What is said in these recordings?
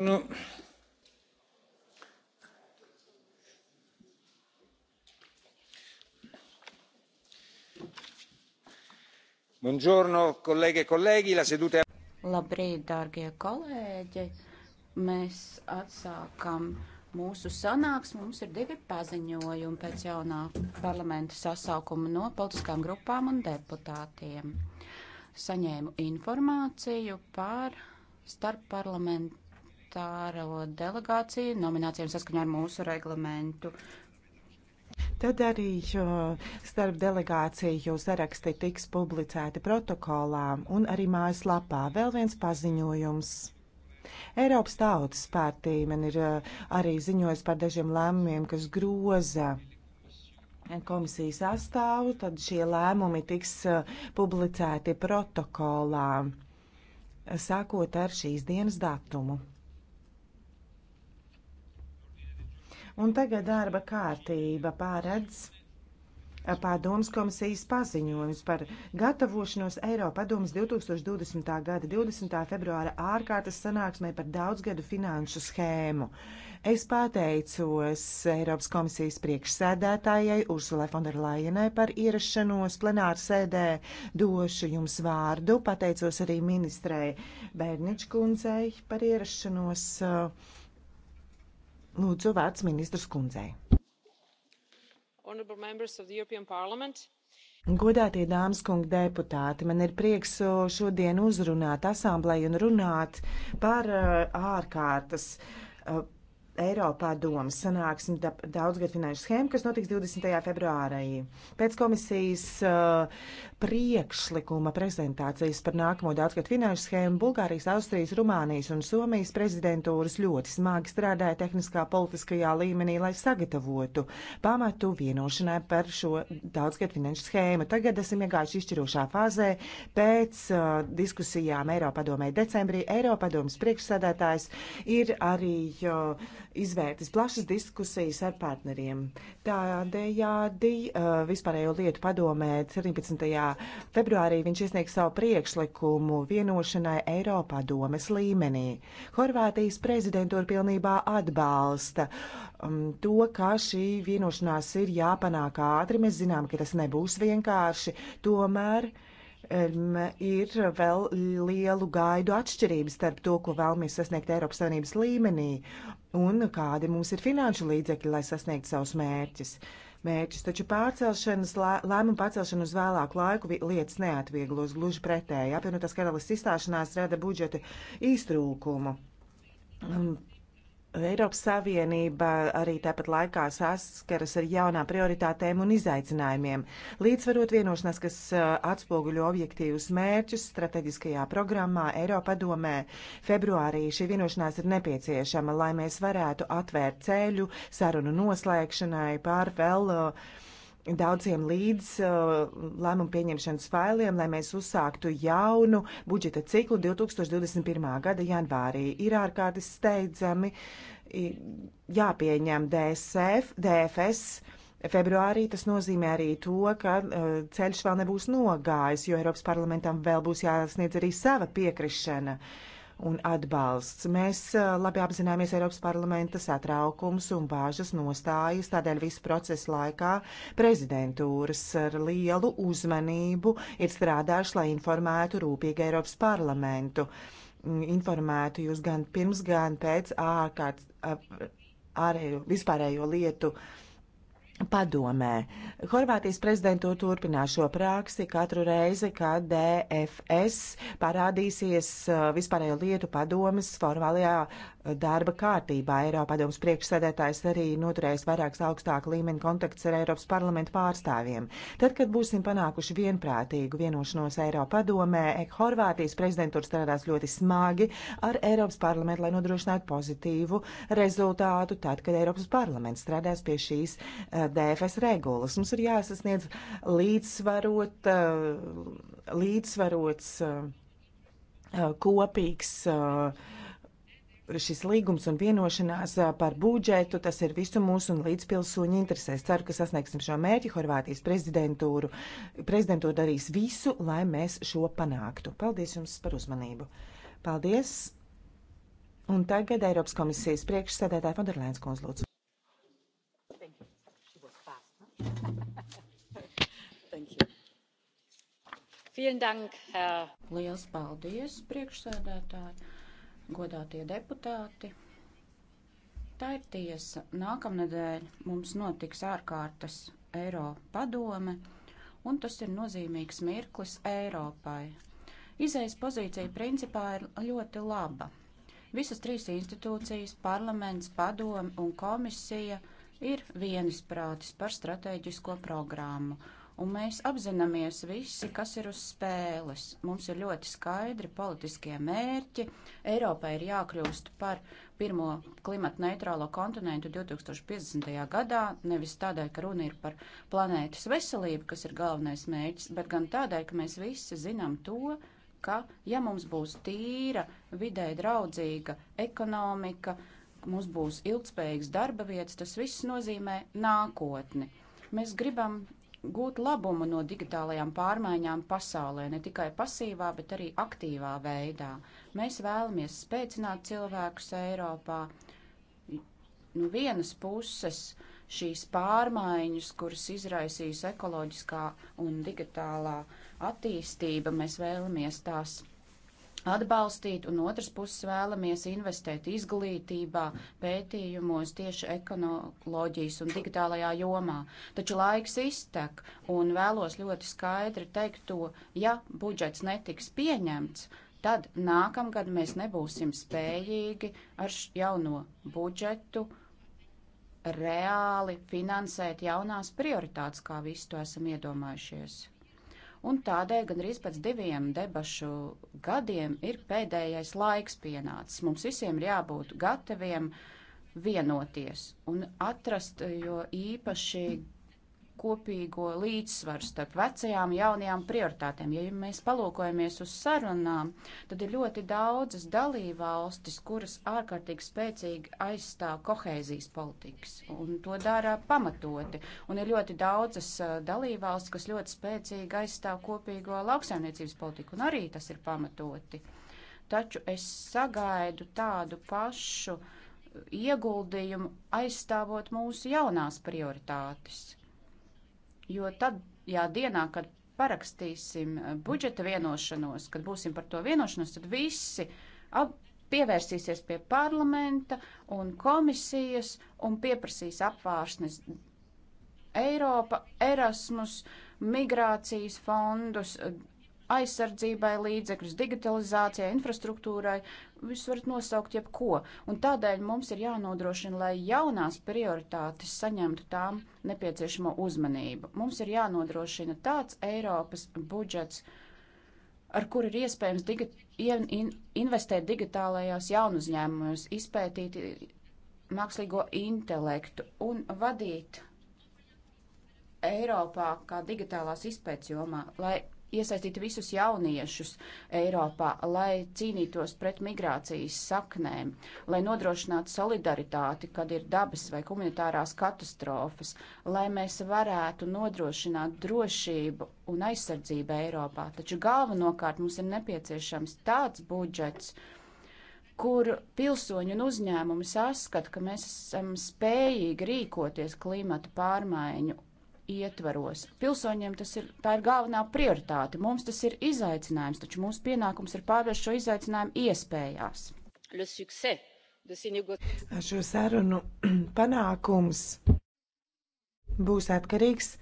Nu. Buongiorno, colleghe e colleghi, la seduta è... Labrīt, dārgie kolēģi! Mēs atsākam mūsu sanāksmi. Mums ir divi paziņojumi pēc jaunā parlamenta sasaukuma no politiskām grupām un deputātiem. Saņēmu informāciju par starp parlamentu parlamentāro delegāciju nominācijām saskaņā ar mūsu reglamentu. Tad arī starp delegāciju saraksti tiks publicēti protokolā un arī mājaslapā. Vēl viens paziņojums. Eiropas Tautas partija man ir eh, arī ziņojis par dažiem lēmumiem, kas groza komisijas sastāvu, tad šie lēmumi tiks eh, publicēti protokolā, sākot ar šīs dienas datumu. Un tagad darba kārtība pārēdz Pārdomas komisijas paziņojums par gatavošanos Eiropadomas 2020. gada 20. februāra ārkārtas sanāksmē par daudzgadu finanšu schēmu. Es pateicos Eiropas komisijas priekšsēdētājai Ursulai Fonderlajenai par ierašanos plenāru sēdē. Došu jums vārdu. Pateicos arī ministrei Bērničkundzei par ierašanos. Uh, Lūdzu, vārds ministrs kundzei. Godātie dāmas kungi deputāti, man ir prieks šodien uzrunāt asamblēju un runāt par ārkārtas Eiropā domas sanāksmi daudzgad finanšu schēmu, kas notiks 20. februārī. Pēc komisijas uh, priekšlikuma prezentācijas par nākamo daudzgad finanšu schēmu Bulgārijas, Austrijas, Rumānijas un Somijas prezidentūras ļoti smagi strādāja tehniskā politiskajā līmenī, lai sagatavotu pamatu vienošanai par šo daudzgad finanšu schēmu. Tagad esam iegājuši izšķirošā fāzē pēc uh, diskusijām Eiropadomē decembrī. Eiropadomas priekšsēdētājs ir arī uh, izvērtas plašas diskusijas ar partneriem. Tādējādi vispārējo lietu padomē 17. februārī viņš iesniegs savu priekšlikumu vienošanai Eiropadomes līmenī. Horvātijas prezidentūra pilnībā atbalsta um, to, ka šī vienošanās ir jāpanāk ātri. Mēs zinām, ka tas nebūs vienkārši. Tomēr ir vēl lielu gaidu atšķirības starp to, ko vēlamies sasniegt Eiropas Savienības līmenī un kādi mums ir finanšu līdzekļi, lai sasniegtu savus mērķus. Mērķis taču pārcelšanas, lēmumu pārcelšana uz vēlāku laiku lietas neatvieglos, gluži pretēji. Apvienotās karalists izstāšanās rada budžeta īstrūkumu. Eiropas Savienība arī tāpat laikā saskaras ar jaunām prioritātēm un izaicinājumiem, līdzsvarot vienošanās, kas uh, atspoguļo objektīvus mērķus strateģiskajā programmā Eiropadomē. Februārī šī vienošanās ir nepieciešama, lai mēs varētu atvērt ceļu sarunu noslēgšanai pār vēl uh, daudziem līdz uh, lēmumu pieņemšanas failiem, lai mēs uzsāktu jaunu budžeta ciklu 2021. gada janvārī. Ir ārkārtas steidzami jāpieņem DSF, DFS. Februārī tas nozīmē arī to, ka uh, ceļš vēl nebūs nogājis, jo Eiropas parlamentam vēl būs jāsniedz arī sava piekrišana. Uh, un atbalsts. Mēs labi apzināmies Eiropas parlamenta satraukums un bāžas nostājas, tādēļ visu procesu laikā prezidentūras ar lielu uzmanību ir strādājuši, lai informētu rūpīgi Eiropas parlamentu. Mm, informētu jūs gan pirms, gan pēc ārkārtas, ārējo, vispārējo lietu uh, padomē. Horvātijas prezidento turpinās šo praksi katru reizi, kad DFS parādīsies uh, vispārējo lietu padomas formālajā darba kārtībā. Eiropadoms priekšsēdētājs arī noturēs vairākas augstāka līmeņa kontakts ar Eiropas parlamentu pārstāvjiem. Tad, kad būsim panākuši vienprātīgu vienošanos Eiropadomē, Horvātijas prezidentūra strādās ļoti smagi ar Eiropas parlamentu, lai nodrošinātu pozitīvu rezultātu, tad, kad Eiropas parlaments strādās pie šīs eh, DFS regulas. Mums ir jāsasniedz līdzsvarot, eh, līdzsvarots eh, kopīgs uh, šis līgums un vienošanās par budžetu, tas ir visu mūsu un līdzpilsūņu interesēs. Ceru, ka sasniegsim šo mērķi. Horvātijas prezidentūru. Prezidentūra darīs visu, lai mēs šo panāktu. Paldies jums par uzmanību. Paldies. Un tagad Eiropas komisijas priekšsēdētāja Fonderlēns kundz lūdzu. Liels paldies, priekšsēdētāji! godātie deputāti. Tā ir tiesa. Nākamnedēļ mums notiks ārkārtas Eiro padome, un tas ir nozīmīgs mirklis Eiropai. Izejas pozīcija principā ir ļoti laba. Visas trīs institūcijas - parlaments, padome un komisija - ir vienisprātis par stratēģisko programmu Un mēs apzināmies visi, kas ir uz spēles. Mums ir ļoti skaidri politiskie mērķi. Eiropai ir jākļūst par pirmo klimata neitrālo kontinentu 2050. gadā, nevis tādēļ, ka runa ir par planētas veselību, kas ir galvenais mērķis, bet gan tādēļ, ka mēs visi zinām to, ka ja mums būs tīra, vidē draudzīga ekonomika, mums būs ilgspējīgs darba vietas, tas viss nozīmē nākotni. Mēs gribam gūt labumu no digitālajām pārmaiņām pasaulē, ne tikai pasīvā, bet arī aktīvā veidā. Mēs vēlamies spēcināt cilvēkus Eiropā. No nu, vienas puses šīs pārmaiņas, kuras izraisīs ekoloģiskā un digitālā attīstība, mēs vēlamies tās atbalstīt, un otrs puses vēlamies investēt izglītībā, pētījumos tieši ekonoloģijas un digitālajā jomā. Taču laiks iztek, un vēlos ļoti skaidri teikt to, ja budžets netiks pieņemts, tad nākamgad mēs nebūsim spējīgi ar jauno budžetu reāli finansēt jaunās prioritātes, kā visu to esam iedomājušies un tādēļ gandrīz pēc diviem debašu gadiem ir pēdējais laiks pienācis. Mums visiem ir jābūt gataviem vienoties un atrast, jo īpaši kopīgo līdzsvaru starp vecajām, jaunajām prioritātēm. Ja mēs palūkojamies uz sarunām, tad ir ļoti daudzas dalībvalstis, kuras ārkārtīgi spēcīgi aizstāv kohēzijas politikas, un to dara pamatoti. Un ir ļoti daudzas dalībvalstis, kas ļoti spēcīgi aizstāv kopīgo lauksaimniecības politiku, un arī tas ir pamatoti. Taču es sagaidu tādu pašu ieguldījumu aizstāvot mūsu jaunās prioritātes jo tad, jā, dienā, kad parakstīsim eh, budžeta vienošanos, kad būsim par to vienošanos, tad visi pievērsīsies pie parlamenta un komisijas un pieprasīs apvārsnes Eiropa, Erasmus, migrācijas fondus, eh, aizsardzībai līdzekļus, digitalizācijai, infrastruktūrai, visu varat nosaukt jebko. Un tādēļ mums ir jānodrošina, lai jaunās prioritātes saņemtu tām nepieciešamo uzmanību. Mums ir jānodrošina tāds Eiropas budžets, ar kur ir iespējams digi in investēt digitālajās jaunuzņēmumos, izpētīt mākslīgo intelektu un vadīt Eiropā kā digitālās izpētes jomā, lai iesaistīt visus jauniešus Eiropā, lai cīnītos pret migrācijas saknēm, lai nodrošinātu solidaritāti, kad ir dabas vai komunitārās katastrofas, lai mēs varētu nodrošināt drošību un aizsardzību Eiropā. Taču galvenokārt mums ir nepieciešams tāds budžets, kur pilsoņu un uzņēmumi saskata, ka mēs esam spējīgi rīkoties klimata pārmaiņu ietvaros. Pilsoņiem tas ir, tā ir galvenā prioritāte. Mums tas ir izaicinājums, taču mūsu pienākums ir pārvērst šo izaicinājumu iespējās. Šo sarunu panākums būs atkarīgs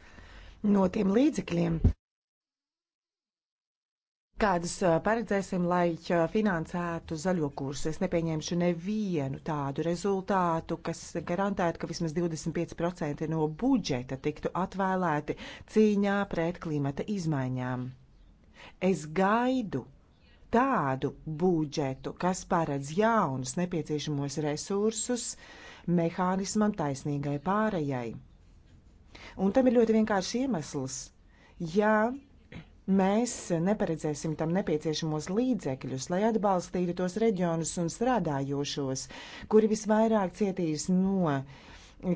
no tiem līdzekļiem, kādus paredzēsim, lai finansētu zaļo kursu. Es nepieņemšu nevienu tādu rezultātu, kas garantētu, ka vismaz 25% no budžeta tiktu atvēlēti cīņā pret klimata izmaiņām. Es gaidu tādu budžetu, kas paredz jaunus nepieciešamos resursus mehānismam taisnīgai pārējai. Un tam ir ļoti vienkārši iemesls. Ja mēs neparedzēsim tam nepieciešamos līdzekļus, lai atbalstītu tos reģionus un strādājošos, kuri visvairāk cietīs no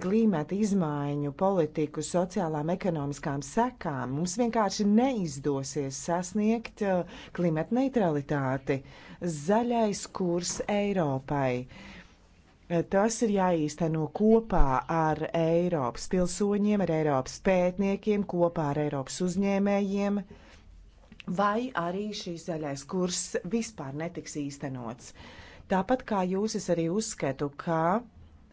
klimata izmaiņu, politiku, sociālām, ekonomiskām sekām. Mums vienkārši neizdosies sasniegt uh, klimata neutralitāti. Zaļais kurs Eiropai. Uh, tas ir jāīsteno kopā ar Eiropas pilsoņiem, ar Eiropas pētniekiem, kopā ar Eiropas uzņēmējiem. Uh, vai arī šīs zaļais kurs vispār netiks īstenots. Tāpat kā jūs es arī uzskatu, ka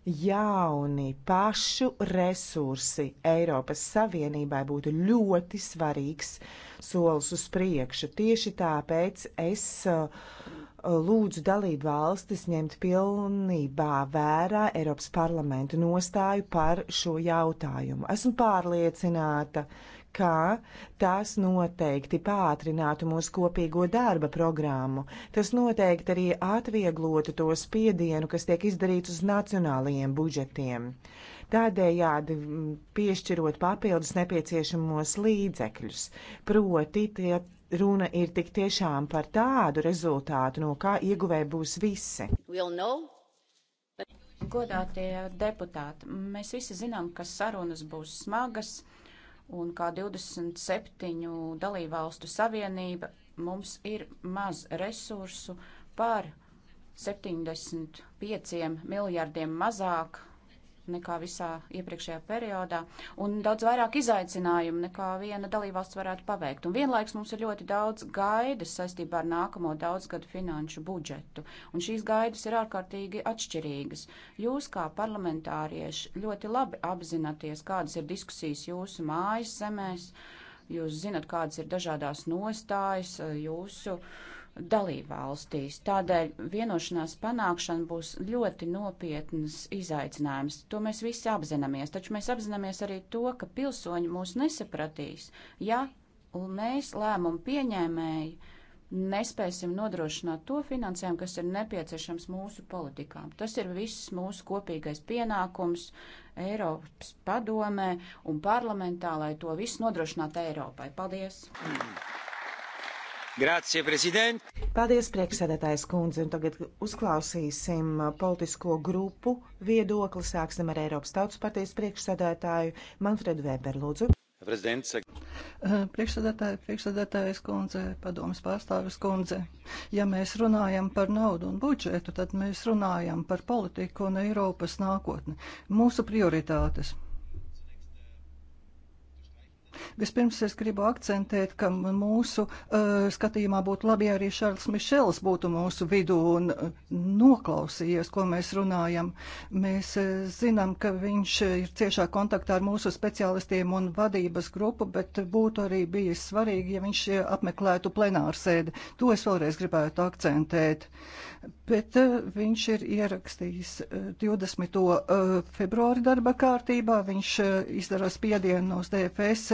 jauni pašu resursi Eiropas Savienībai būtu ļoti svarīgs solis uz priekšu. Tieši tāpēc es uh, lūdzu dalību valstis ņemt pilnībā vērā Eiropas parlamentu nostāju par šo jautājumu. Esmu pārliecināta, ka ka tas noteikti pātrinātu mūsu kopīgo darba programmu. Tas noteikti arī atvieglotu to spiedienu, kas tiek izdarīts uz nacionālajiem budžetiem. Tādējādi piešķirot papildus nepieciešamos līdzekļus. Proti, tie runa ir tik tiešām par tādu rezultātu, no kā ieguvēji būs visi. We'll know. Godātie deputāti, mēs visi zinām, ka sarunas būs smagas un kā 27 dalībvalstu savienība mums ir maz resursu par 75 miljardiem mazāk nekā visā iepriekšējā periodā un daudz vairāk izaicinājumu nekā viena dalībvalsts varētu paveikt. Un vienlaiks mums ir ļoti daudz gaidas saistībā ar nākamo daudzgadu finanšu budžetu. Un šīs gaidas ir ārkārtīgi atšķirīgas. Jūs kā parlamentārieši ļoti labi apzināties, kādas ir diskusijas jūsu mājas zemēs. Jūs zinat, kādas ir dažādās nostājas jūsu. Uh, dalībvalstīs. Tādēļ vienošanās panākšana būs ļoti nopietnas izaicinājums. To mēs visi apzināmies, taču mēs apzināmies arī to, ka pilsoņi mūs nesapratīs, ja mēs lēmumu pieņēmēji nespēsim nodrošināt to finansējumu, kas ir nepieciešams mūsu politikām. Tas ir viss mūsu kopīgais pienākums Eiropas padomē un parlamentā, lai to visu nodrošinātu Eiropai. Paldies! Mm. Grazie, prezident! Paldies, priekšsēdētājs kundze, un tagad uzklausīsim politisko grupu viedokli. Sāksim ar Eiropas Tautas partijas priekšsēdētāju Manfredu Weberu, lūdzu. Prezidents. Äh, Priekšsēdētāja, priekšsēdētājas kundze, padomas pārstāvis kundze. Ja mēs runājam par naudu un budžetu, tad mēs runājam par politiku un Eiropas nākotni. Mūsu prioritātes. Vispirms es gribu akcentēt, ka mūsu uh, skatījumā būtu labi, ja arī Šarls Mišels būtu mūsu vidū un uh, noklausījies, ko mēs runājam. Mēs uh, zinām, ka viņš ir ciešā kontaktā ar mūsu speciālistiem un vadības grupu, bet būtu arī bijis svarīgi, ja viņš apmeklētu plenārsēdi. To es vēlreiz gribētu akcentēt. Bet viņš ir ierakstījis 20. februāri darba kārtībā. Viņš izdara spiedienu uz DFS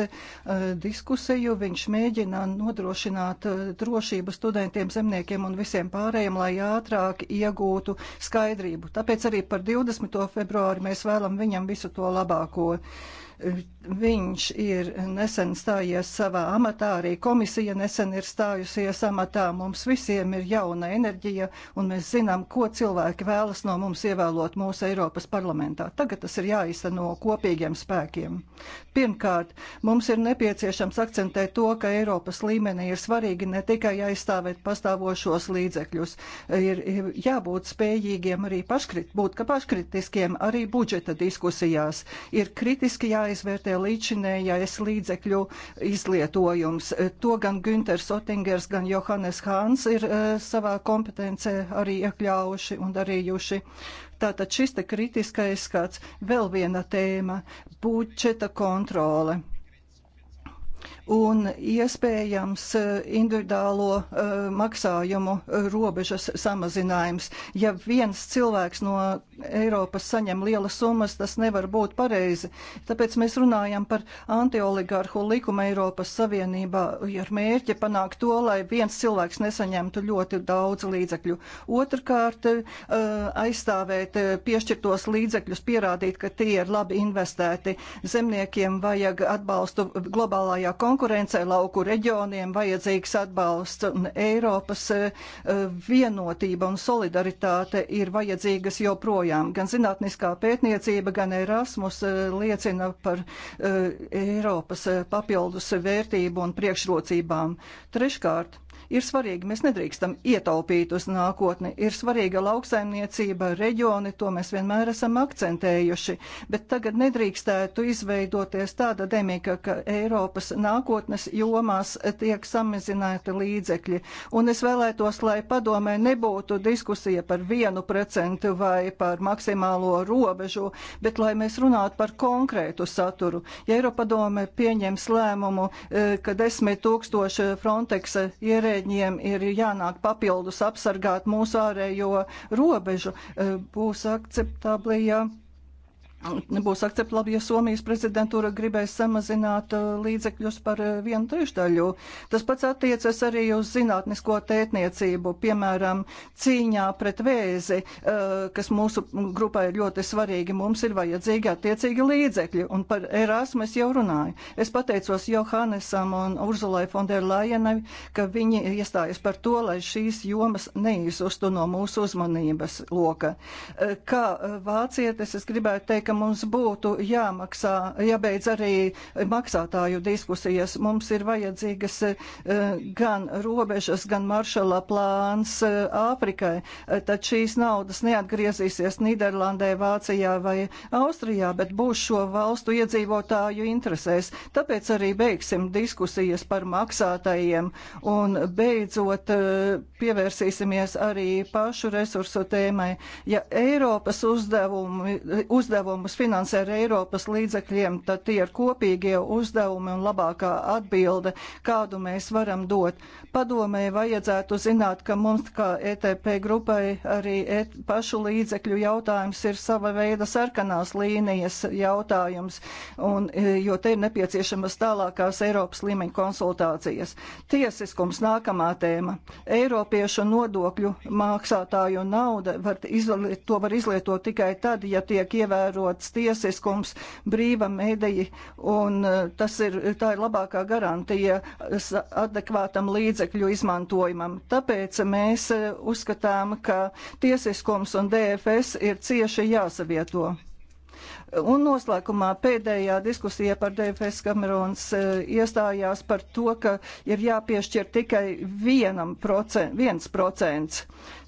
Uh, diskusiju. Viņš mēģina nodrošināt uh, drošību studentiem, zemniekiem un visiem pārējiem, lai ātrāk iegūtu skaidrību. Tāpēc arī par 20. februāri mēs vēlam viņam visu to labāko. Viņš ir nesen stājies savā amatā, arī komisija nesen ir stājusies amatā. Mums visiem ir jauna enerģija, un mēs zinām, ko cilvēki vēlas no mums ievēlot mūsu Eiropas parlamentā. Tagad tas ir jāizteno kopīgiem spēkiem. Pirmkārt, mums ir nepieciešams akcentēt to, ka Eiropas līmenī ir svarīgi ne tikai aizstāvēt pastāvošos līdzekļus, ir jābūt spējīgiem arī paškrit, būt, paškritiskiem arī budžeta diskusijās. Ir kritiski jā jāizvērtē līdzinējais līdzekļu izlietojums. Eh, to gan Günters Otingers, gan Johannes Hāns ir eh, savā kompetencē arī iekļaujuši un darījuši. Tātad šis te kritiskais skats, vēl viena tēma - budžeta kontrole un iespējams eh, individuālo eh, maksājumu eh, robežas samazinājums. Ja viens cilvēks no Eiropas saņem lielas summas, tas nevar būt pareizi. Tāpēc mēs runājam par antioligārhu likumu Eiropas Savienībā ar mērķi panākt to, lai viens cilvēks nesaņemtu ļoti daudz līdzekļu. Otrakārt, aizstāvēt piešķirtos līdzekļus, pierādīt, ka tie ir labi investēti. Zemniekiem vajag atbalstu globālajā konkursā konkurencei lauku reģioniem vajadzīgs atbalsts, un Eiropas eh, vienotība un solidaritāte ir vajadzīgas joprojām. Gan zinātniskā pētniecība, gan Erasmus eh, liecina par eh, Eiropas papildus vērtību un priekšrocībām. Treškārt, ir svarīgi. Mēs nedrīkstam ietaupīt uz nākotni. Ir svarīga lauksaimniecība, reģioni, to mēs vienmēr esam akcentējuši. Bet tagad nedrīkstētu izveidoties tāda demika, ka Eiropas nākotnes jomās tiek samazināti līdzekļi. Un es vēlētos, lai padomē nebūtu diskusija par vienu procentu vai par maksimālo robežu, bet lai mēs runātu par konkrētu saturu. Ja Eiropa padome pieņems lēmumu, eh, ka desmit tūkstoši Frontex ierēģi kolēģiem ir jānāk papildus apsargāt mūsu ārējo robežu, eh, būs akceptabli, ja Nebūs akceptēta labi, ja Somijas prezidentūra gribēs samazināt uh, līdzekļus par uh, vienu trešdaļu. Tas pats attiecas arī uz zinātnisko tētniecību, piemēram, cīņā pret vēzi, uh, kas mūsu grupai ir ļoti svarīgi. Mums ir vajadzīgi attiecīgi līdzekļi, un par Erasmu es jau runāju. Es pateicos Johannesam un Urzulai Fonderlajenai, ka viņi iestājas par to, lai šīs jomas neizustu no mūsu uzmanības loka. Kā vācietis, es gribētu teikt, ka ka mums būtu jāmaksā, jābeidz arī maksātāju diskusijas. Mums ir vajadzīgas eh, gan robežas, gan maršala plāns eh, Āfrikai, eh, tad šīs naudas neatgriezīsies Nīderlandē, Vācijā vai Austrijā, bet būs šo valstu iedzīvotāju interesēs. Tāpēc arī beigsim diskusijas par maksātājiem un beidzot pievērsīsimies arī pašu resursu tēmai. Ja Eiropas uzdevumi, uzdevumi uzdevumus finansē ar Eiropas līdzekļiem, tad tie ir kopīgie uzdevumi un labākā atbilde, kādu mēs varam dot. Padomē vajadzētu zināt, ka mums kā ETP grupai arī et, pašu līdzekļu jautājums ir sava veida sarkanās līnijas jautājums, un, e, jo te ir nepieciešamas tālākās Eiropas līmeņa konsultācijas. Tiesiskums nākamā tēma. Eiropiešu nodokļu maksātāju nauda var izliet, to var izlietot tikai tad, ja tiek ievērots tiesiskums, brīva mēdēji, un e, tas ir, tā ir labākā garantija adekvātam līdzekļu līdzekļu izmantojumam. Tāpēc mēs e, uzskatām, ka tiesiskums un DFS ir cieši jāsavieto. Un noslēgumā pēdējā diskusija par DFS Kamerons e, iestājās par to, ka ir jāpiešķir tikai vienam procent, viens procents.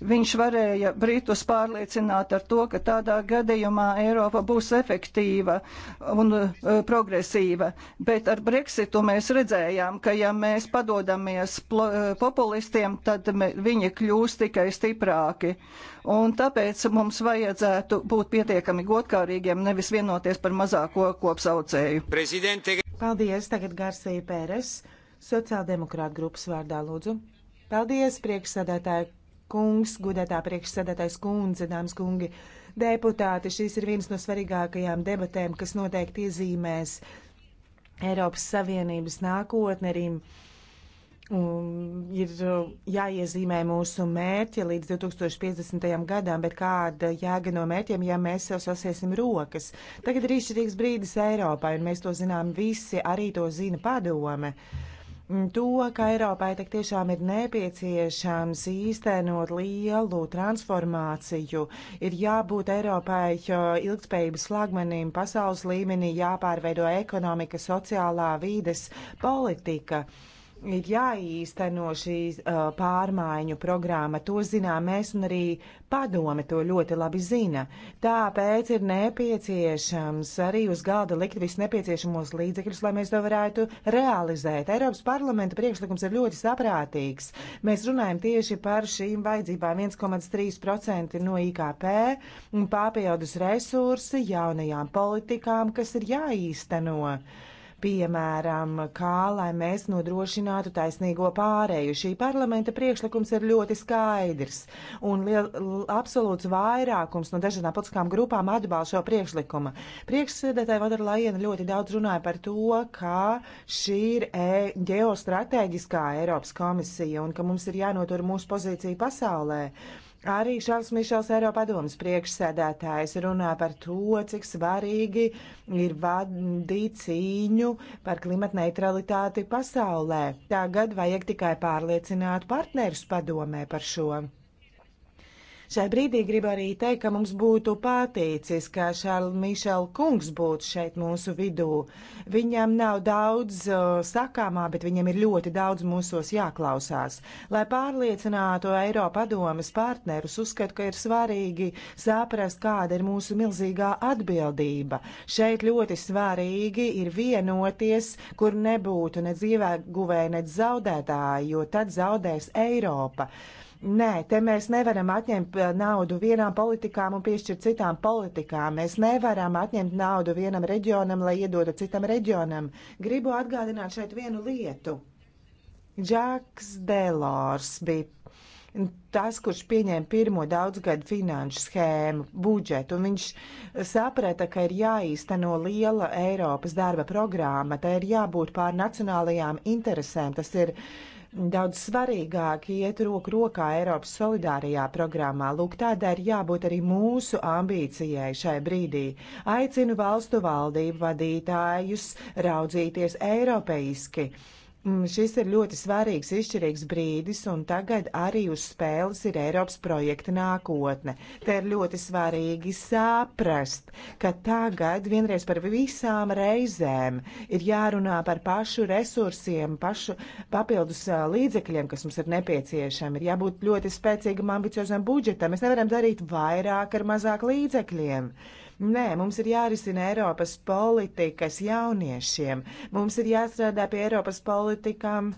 Viņš varēja Britus pārliecināt ar to, ka tādā gadījumā Eiropa būs efektīva un uh, progresīva. Bet ar Brexitu mēs redzējām, ka ja mēs padodamies e, populistiem, tad viņi kļūs tikai stiprāki. Un tāpēc mums vajadzētu būt pietiekami godkārīgiem, nevis vienkārši vienoties par mazāko kopsaucēju. Prezidente... Paldies, tagad Garsija Pēres, sociāldemokrāta grupas vārdā lūdzu. Paldies, priekšsēdētāja kungs, gudētā priekšsēdētājs kundze, dāmas kungi, deputāti. Šīs ir vienas no svarīgākajām debatēm, kas noteikti iezīmēs Eiropas Savienības nākotnerim. arī Um, ir eh, jāiezīmē mūsu mērķi līdz 2050. gadam, bet kāda jēga no mērķiem, ja mēs sev sasiesim rokas? Tagad ir izšķirīgs brīdis Eiropai, un mēs to zinām visi, arī to zina padome. Mm, to, ka Eiropai tik tiešām ir nepieciešams īstenot lielu transformāciju, ir jābūt Eiropai ilgspējības slagmanim pasaules līmenī, jāpārveido ekonomika, sociālā vīdes politika. Uh, ir jāīsteno šī uh, pārmaiņu programma. To zinām mēs un arī padome to ļoti labi zina. Tāpēc ir nepieciešams arī uz galda likt visu nepieciešamos līdzekļus, lai mēs to varētu realizēt. Eiropas parlamenta priekšlikums ir ļoti saprātīgs. Mēs runājam tieši par šīm vajadzībām 1,3% no IKP un papildus resursi jaunajām politikām, kas ir jāīsteno. Uh, piemēram, kā lai mēs nodrošinātu taisnīgo pārēju. Šī parlamenta priekšlikums ir ļoti skaidrs, un liel, absolūts vairākums no dažādām politiskām grupām atbalsta šo priekšlikumu. Priekšsēdētāja Vadara Lajena ļoti daudz runāja par to, ka šī ir e ģeostrateģiskā Eiropas komisija un ka mums ir jānotur mūsu pozīcija pasaulē. Arī Šāls Mišels Eiropadomas priekšsēdētājs runā par to, cik svarīgi ir vadīt cīņu par klimatneutralitāti pasaulē. Tagad vajag tikai pārliecināt partnerus padomē par šo. Šai brīdī gribu arī teikt, ka mums būtu paticis, ka Šarl Mišel kungs būtu šeit mūsu vidū. Viņam nav daudz uh, sakāmā, bet viņam ir ļoti daudz mūsos jāklausās. Lai pārliecinātu Eiropadomas partnerus, uzskatu, ka ir svarīgi saprast, kāda ir mūsu milzīgā atbildība. Šeit ļoti svarīgi ir vienoties, kur nebūtu ne dzīvē guvēja, ne zaudētāji, jo tad zaudēs Eiropa. Uh, Nē, te mēs nevaram atņemt eh, naudu vienām politikām un piešķirt citām politikām. Mēs nevaram atņemt naudu vienam reģionam, lai iedotu citam reģionam. Gribu atgādināt šeit vienu lietu. Džaks Delors bija tas, kurš pieņēma pirmo daudzgadu finanšu schēmu, budžetu, un viņš saprata, ka ir jāīsteno liela Eiropas darba programma, tai ir jābūt pār nacionālajām interesēm, tas ir daudz svarīgāk iet roku rokā Eiropas solidārajā programmā. Lūk, tādai ir jābūt arī mūsu ambīcijai šai brīdī. Aicinu valstu valdību vadītājus raudzīties eiropeiski Mm, šis ir ļoti svarīgs, izšķirīgs brīdis, un tagad arī uz spēles ir Eiropas projekta nākotne. Te ir ļoti svarīgi saprast, ka tagad vienreiz par visām reizēm ir jārunā par pašu resursiem, pašu papildus līdzekļiem, kas mums ir nepieciešami. Ir jābūt ļoti spēcīgam, ambiciozam budžetam. Mēs nevaram darīt vairāk ar mazāk līdzekļiem. Uh, Nē, mums ir jārisina Eiropas politikas jauniešiem. Mums ir jāstrādā pie Eiropas politikām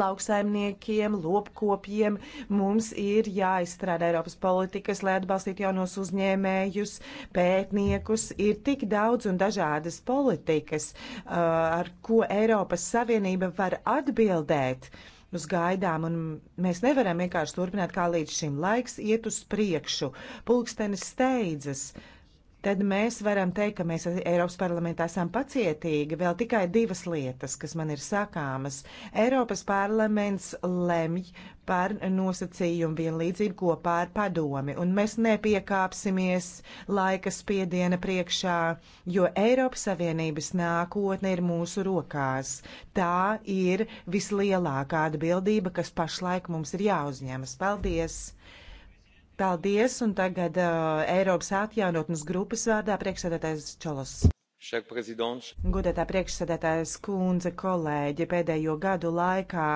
lauksaimniekiem, lopkopiem. Mums ir jāizstrādā Eiropas politikas, lai atbalstītu jaunos uzņēmējus, pētniekus. Ir tik daudz un dažādas politikas, uh, ar ko Eiropas Savienība var atbildēt uz gaidām, un mēs nevaram vienkārši turpināt kā līdz šim. Laiks iet uz priekšu, pulkstenis steidzas. Uh, tad mēs varam teikt, ka mēs Eiropas parlamentā esam pacietīgi. Vēl tikai divas lietas, kas man ir sakāmas. Eiropas parlaments lemj par nosacījumu vienlīdzību kopā ar padomi, un mēs nepiekāpsimies laika spiediena priekšā, jo Eiropas Savienības nākotne ir mūsu rokās. Tā ir vislielākā atbildība, kas pašlaik mums ir jāuzņemas. Paldies! Paldies, un tagad uh, Eiropas atjaunotnes grupas vārdā priekšsēdētājs Čolos. Gudētā priekšsēdētājs kundze kolēģi pēdējo gadu laikā.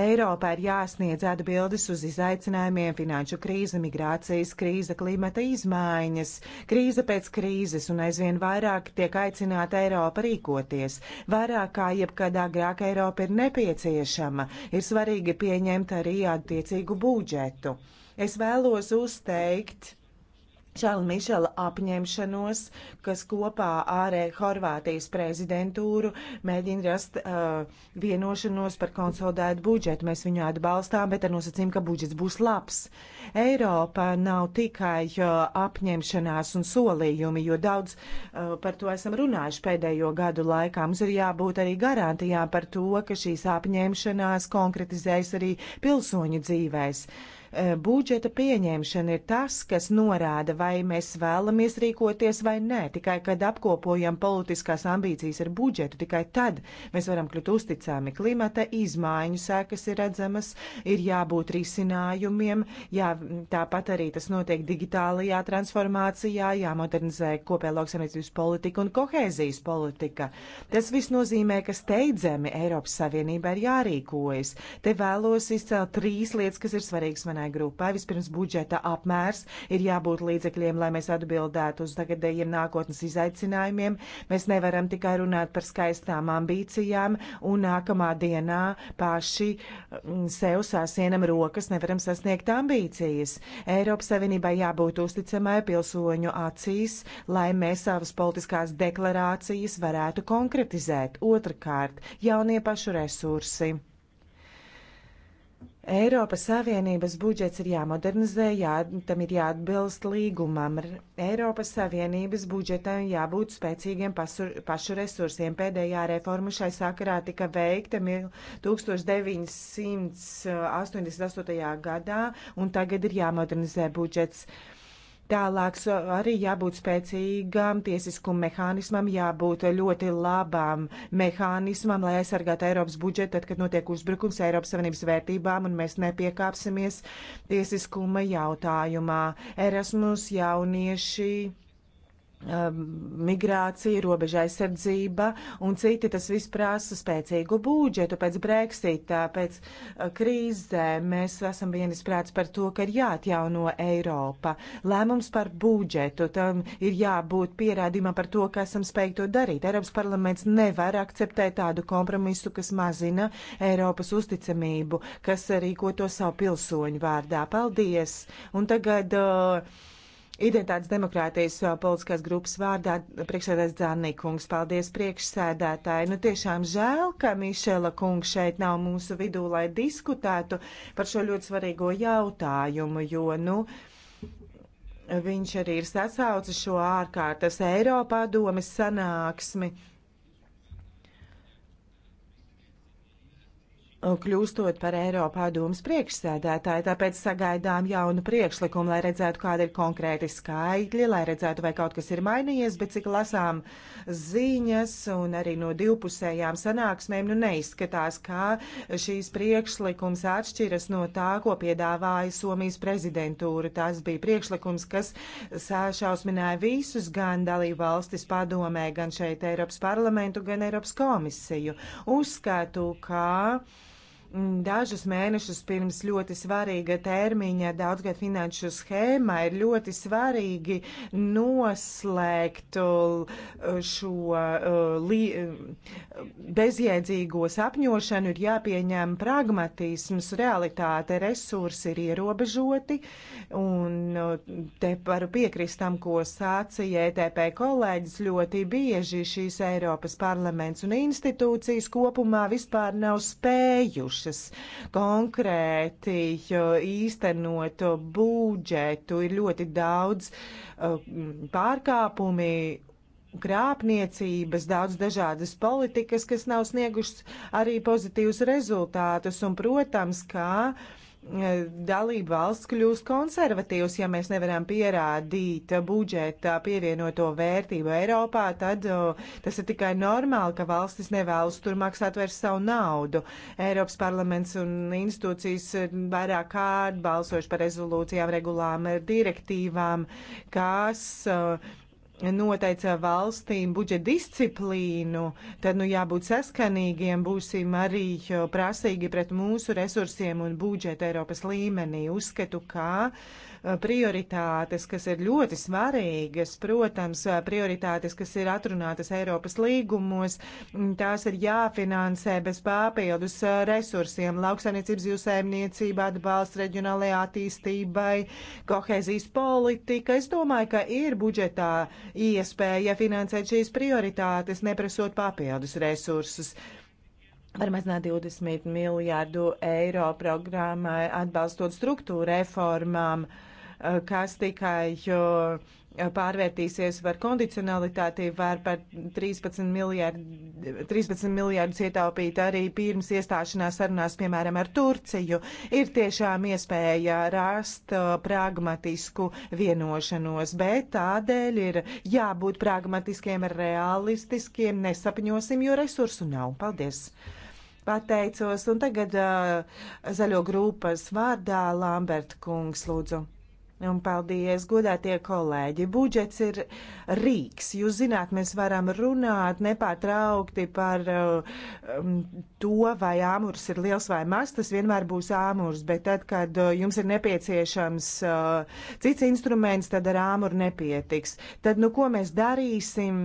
Eiropā ir jāsniedz atbildes uz izaicinājumiem - finanšu krīze, migrācijas krīze, klimata izmaiņas, krīze pēc krīzes, un aizvien vairāk tiek aicināta Eiropa rīkoties. Vairāk kā jebkad agrāk Eiropa ir nepieciešama, ir svarīgi pieņemt arī attiecīgu budžetu. Es vēlos uzteikt Čāla Mišela apņemšanos, kas kopā ar Horvātijas prezidentūru mēģina rast uh, vienošanos par konsolidētu budžetu. Mēs viņu atbalstām, bet ar nosacījumu, ka budžets būs labs. Eiropa nav tikai uh, apņemšanās un solījumi, jo daudz uh, par to esam runājuši pēdējo gadu laikā. Mums ir jābūt arī garantijām par to, ka šīs apņemšanās konkretizējas arī pilsoņu dzīvēs. Uh, E, budžeta pieņemšana ir tas, kas norāda, vai mēs vēlamies rīkoties vai nē. Tikai kad apkopojam politiskās ambīcijas ar budžetu, tikai tad mēs varam kļūt uzticami. Klimata izmaiņu sēkas ir redzamas, ir jābūt risinājumiem, jā, tāpat arī tas notiek digitālajā transformācijā, jāmodernizē kopējā lauksaimniecības politika un kohēzijas politika. Tas viss nozīmē, ka steidzami Eiropas Savienībā ir jārīkojas. Te vēlos izcelt trīs lietas, kas ir svarīgas manai sarunai grupai. Vispirms budžeta apmērs ir jābūt līdzekļiem, lai mēs atbildētu uz tagadējiem nākotnes izaicinājumiem. Mēs nevaram tikai runāt par skaistām ambīcijām un nākamā dienā paši mm, sev sāsienam rokas nevaram sasniegt ambīcijas. Eiropas Savienībai jābūt uzticamai pilsoņu acīs, lai mēs savas politiskās deklarācijas varētu konkretizēt. Otrakārt, jaunie pašu resursi. Eiropas Savienības budžets ir jāmodernizē, jā, tam ir jāatbilst līgumam. Eiropas Savienības budžetam jābūt spēcīgiem pasur, pašu resursiem. Pēdējā reforma šai sakarā tika veikta 1988. gadā, un tagad ir jāmodernizē budžets. Uh, Tālāk uh, arī jābūt spēcīgam tiesiskam mehānismam, jābūt ļoti labām mehānismam, lai aizsargātu Eiropas budžetu, tad, kad notiek uzbrukums Eiropas Savienības vērtībām un mēs nepiekāpsimies tiesiskuma jautājumā. Erasmus jaunieši Um, migrācija, robeža aizsardzība un citi. Tas viss prasa spēcīgu budžetu pēc Brexita, pēc uh, krīzēm. Mēs esam vienisprāts par to, ka ir jāatjauno Eiropa. Lēmums par budžetu, tam ir jābūt pierādījumam par to, ka esam spējīgi to darīt. Eiropas parlaments nevar akceptēt tādu kompromisu, kas mazina Eiropas uzticamību, kas rīko to savu pilsoņu vārdā. Paldies! Un tagad uh, Identitātes demokrātijas uh, politiskās grupas vārdā priekšsēdētājs Dzannīkungs. Paldies priekšsēdētāji. Nu tiešām žēl, ka Mišela kungs šeit nav mūsu vidū, lai diskutētu par šo ļoti svarīgo jautājumu, jo, nu, viņš arī ir sasaucis šo ārkārtas Eiropā domas sanāksmi. kļūstot par Eiropā domas priekšsēdētāju, tāpēc sagaidām jaunu priekšlikumu, lai redzētu, kāda ir konkrēti skaidļi, lai redzētu, vai kaut kas ir mainījies, bet cik lasām ziņas un arī no divpusējām sanāksmēm, nu neizskatās, kā šīs priekšlikums atšķiras no tā, ko piedāvāja Somijas prezidentūra. Tas bija priekšlikums, kas sāšausmināja visus gan dalību valstis padomē, gan šeit Eiropas parlamentu, gan Eiropas komisiju. Uzskatu, ka Mm, dažus mēnešus pirms ļoti svarīga termiņa daudzgad finanšu schēmā ir ļoti svarīgi noslēgt uh, šo uh, uh, bezjēdzīgo sapņošanu, ir jāpieņem pragmatisms, realitāte, resursi ir ierobežoti, un te varu piekrist tam, ko sācīja ETP kolēģis, ļoti bieži šīs Eiropas parlaments un institūcijas kopumā vispār nav spējuši spējušas konkrēti īstenot budžetu. Ir ļoti daudz uh, pārkāpumi krāpniecības, daudz dažādas politikas, kas nav sniegušas arī pozitīvus rezultātus. Un, protams, kā uh, dalība valsts kļūs konservatīvs, ja mēs nevaram pierādīt budžeta pievienoto vērtību Eiropā, tad tas ir tikai normāli, ka valstis nevēlas tur maksāt vairs savu naudu. Eiropas parlaments un institūcijas vairāk kārt balsojuši par rezolūcijām, regulām, direktīvām, kas uh, noteica valstīm budžeta disciplīnu, tad nu jābūt saskanīgiem, būsim arī prasīgi pret mūsu resursiem un budžetu Eiropas līmenī. Uzskatu, ka prioritātes, kas ir ļoti svarīgas, protams, prioritātes, kas ir atrunātas Eiropas līgumos, tās ir jāfinansē bez papildus uh, resursiem - lauksaimniecības jūsēmniecība, atbalsts reģionālajai attīstībai, kohēzijas politika. Es domāju, ka ir budžetā iespēja finansēt šīs prioritātes, neprasot papildus resursus. Var mazināt 20 miljārdu eiro programmai atbalstot struktūra reformām. Uh, Eh, kas tikai eh, pārvērtīsies par kondicionalitāti, var par 13 miljārdu, 13 miljārdus ietaupīt arī pirms iestāšanās sarunās, piemēram, ar Turciju. Ir tiešām iespēja rast eh, pragmatisku vienošanos, bet tādēļ ir jābūt pragmatiskiem, realistiskiem, nesapņosim, jo resursu nav. Paldies! Pateicos, un tagad uh, zaļo grupas vārdā Lamberta kungs lūdzu. Un paldies, godātie kolēģi. Budžets ir rīks. Jūs zināt, mēs varam runāt nepārtraukti par uh, um, to, vai āmurs ir liels vai mazs. Tas vienmēr būs āmurs, bet tad, kad uh, jums ir nepieciešams uh, cits instruments, tad ar āmuru nepietiks. Tad, nu, ko mēs darīsim?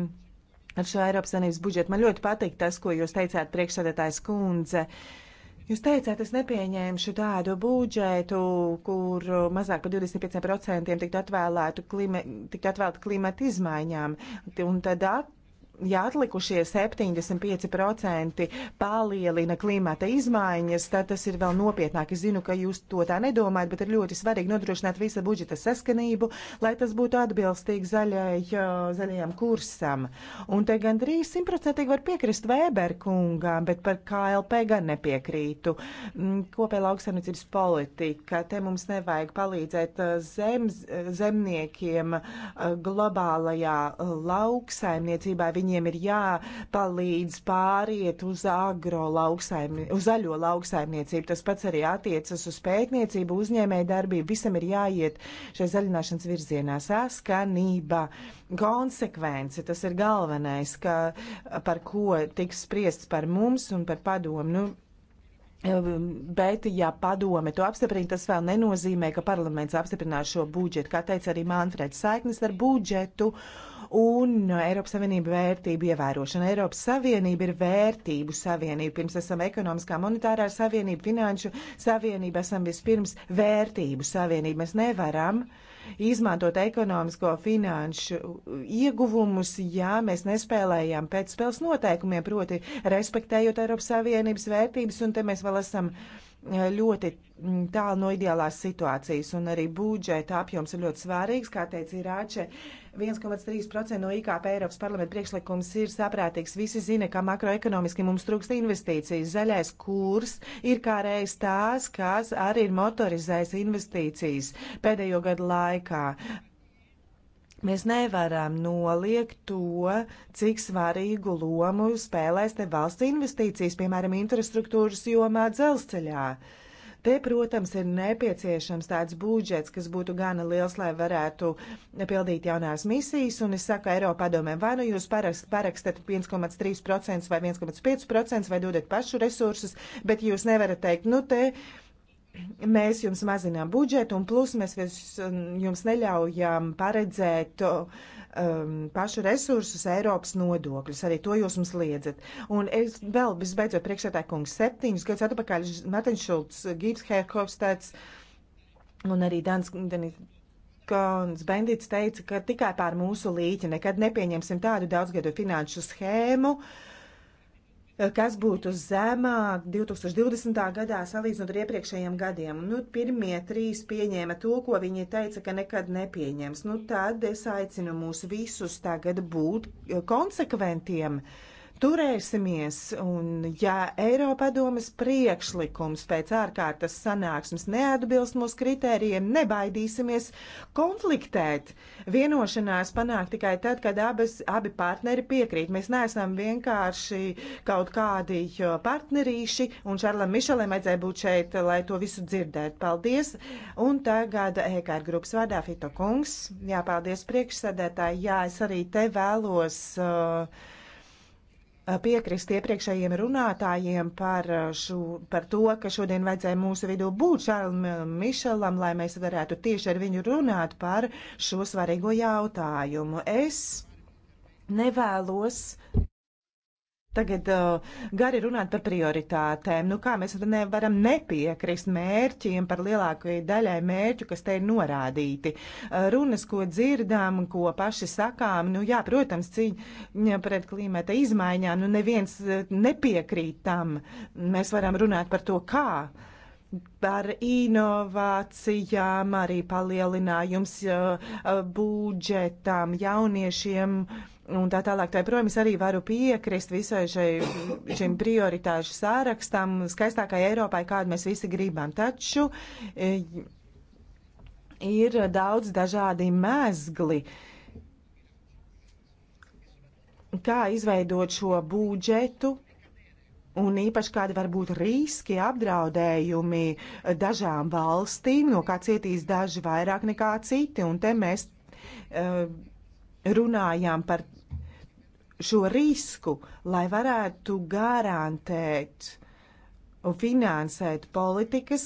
Ar šo Eiropas Savienības budžetu man ļoti patīk tas, ko jūs teicāt priekšsēdētājs kundze. Uh, Jūs teicāt, es nepieņēmušu tādu budžetu, kur mazāk par 25% tiktu atvēlēta klima, tikt klima, klimata izmaiņām, un tad at, ja atlikušie 75% palielina klimata izmaiņas, tad tas ir vēl nopietnāk. Es zinu, ka jūs to tā nedomājat, bet ir ļoti svarīgi nodrošināt visa budžeta saskanību, lai tas būtu atbilstīgi zaļai, zaļajam kursam. Un te gan 300% var piekrist Vēberkungām, bet par KLP gan nepiekrītu. Mm, Kopēja lauksaimniecības politika. Te mums nevajag palīdzēt uh, zem, uh, zemniekiem uh, globālajā lauksaimniecībā. Viņi viņiem ir jāpalīdz pāriet uz agro lauksaimnie, uz zaļo lauksaimniecību. Tas pats arī attiecas uz pētniecību, uzņēmēju darbību. Visam ir jāiet šai zaļināšanas virzienā saskanība, konsekvence. Tas ir galvenais, ka, par ko tiks spriests par mums un par padomu. Nu, Bet, ja padome to apstiprina, tas vēl nenozīmē, ka parlaments apstiprinās šo budžetu. Kā teica arī Manfreds, saiknes ar budžetu un Eiropas Savienība vērtību ievērošana. Eiropas Savienība ir vērtību savienība. Pirms esam ekonomiskā monetārā savienība, finanšu savienība, esam vispirms vērtību savienība. Mēs nevaram izmantot ekonomisko finanšu ieguvumus, ja mēs nespēlējām pēc spēles noteikumiem, proti respektējot Eiropas Savienības vērtības, un te mēs vēl esam eh, ļoti mm, tālu no ideālās situācijas, un arī budžeta apjoms ir ļoti svārīgs, kā teica Irāče. Ir 1,3% no IKP Eiropas parlamenta priekšlikums ir saprātīgs. Visi zina, ka makroekonomiski mums trūkst investīcijas. Zaļais kurs ir kā reiz tās, kas arī ir motorizējis investīcijas pēdējo gadu laikā. Mēs nevaram noliegt to, cik svarīgu lomu spēlēs te valsts investīcijas, piemēram, infrastruktūras jomā dzelzceļā. Uh, Te, protams, ir nepieciešams tāds budžets, kas būtu gana liels, lai varētu pildīt jaunās misijas, un es saku Eiropadomēm, vai nu jūs parakstat 1,3% vai 1,5% vai dodat pašu resursus, bet jūs nevarat teikt, nu te mēs jums mazinām budžetu, un plus mēs um, jums neļaujam paredzēt um, pašu resursus Eiropas nodokļus. Arī to jūs mums liedzat. Un es vēl, visbeidzot, priekšētāji kungs, septiņus gadus atpakaļ Matins Šulcs, Gīvs Herkovstāds un arī Dans. Danis, Kons Bendits teica, ka tikai pār mūsu līķi nekad nepieņemsim tādu daudzgadu finanšu schēmu, uh, kas būtu zemāk 2020. gadā salīdzinot ar iepriekšējiem gadiem. Nu, pirmie trīs pieņēma to, ko viņi teica, ka nekad nepieņems. Nu, tad es aicinu mūs visus tagad būt konsekventiem. Uh, turēsimies, un ja Eiropadomas priekšlikums pēc ārkārtas sanāksmes neatbilst mūsu kritērijiem, nebaidīsimies konfliktēt. Vienošanās panāk tikai tad, kad abas, abi partneri piekrīt. Mēs neesam vienkārši kaut kādi partnerīši, un Šarlam Mišelim vajadzēja būt šeit, lai to visu dzirdētu. Paldies! Un tagad EKR grupas vārdā Fito Kungs. Jā, paldies priekšsēdētāji. Jā, es arī te vēlos. Uh, Eh, piekrist iepriekšējiem runātājiem par, eh, šo, par to, ka šodien vajadzēja mūsu vidū būt Šārlim eh, Mišelam, lai mēs varētu tieši ar viņu runāt par šo svarīgo jautājumu. Es nevēlos Tagad uh, gari runāt par prioritātēm. Nu, kā mēs nevaram nepiekrist mērķiem par lielākajai daļai mērķu, kas te ir norādīti. Uh, runas, ko dzirdām, ko paši sakām, nu jā, protams, cīņa pret klimata izmaiņām, nu neviens uh, nepiekrīt tam. Mēs varam runāt par to, kā. Par inovācijām, arī palielinājums uh, uh, budžetam, jauniešiem. Uh, un tā tālāk. Tā, protams, arī varu piekrist visai šai, šim prioritāšu sārakstam, skaistākai Eiropai, kādu mēs visi gribam. Taču e, ir daudz dažādi mēzgli. Kā izveidot šo budžetu, un īpaši kādi var būt riski, apdraudējumi dažām valstīm, no kā cietīs daži vairāk nekā citi. Un te mēs uh, runājām par šo risku, lai varētu garantēt un finansēt politikas,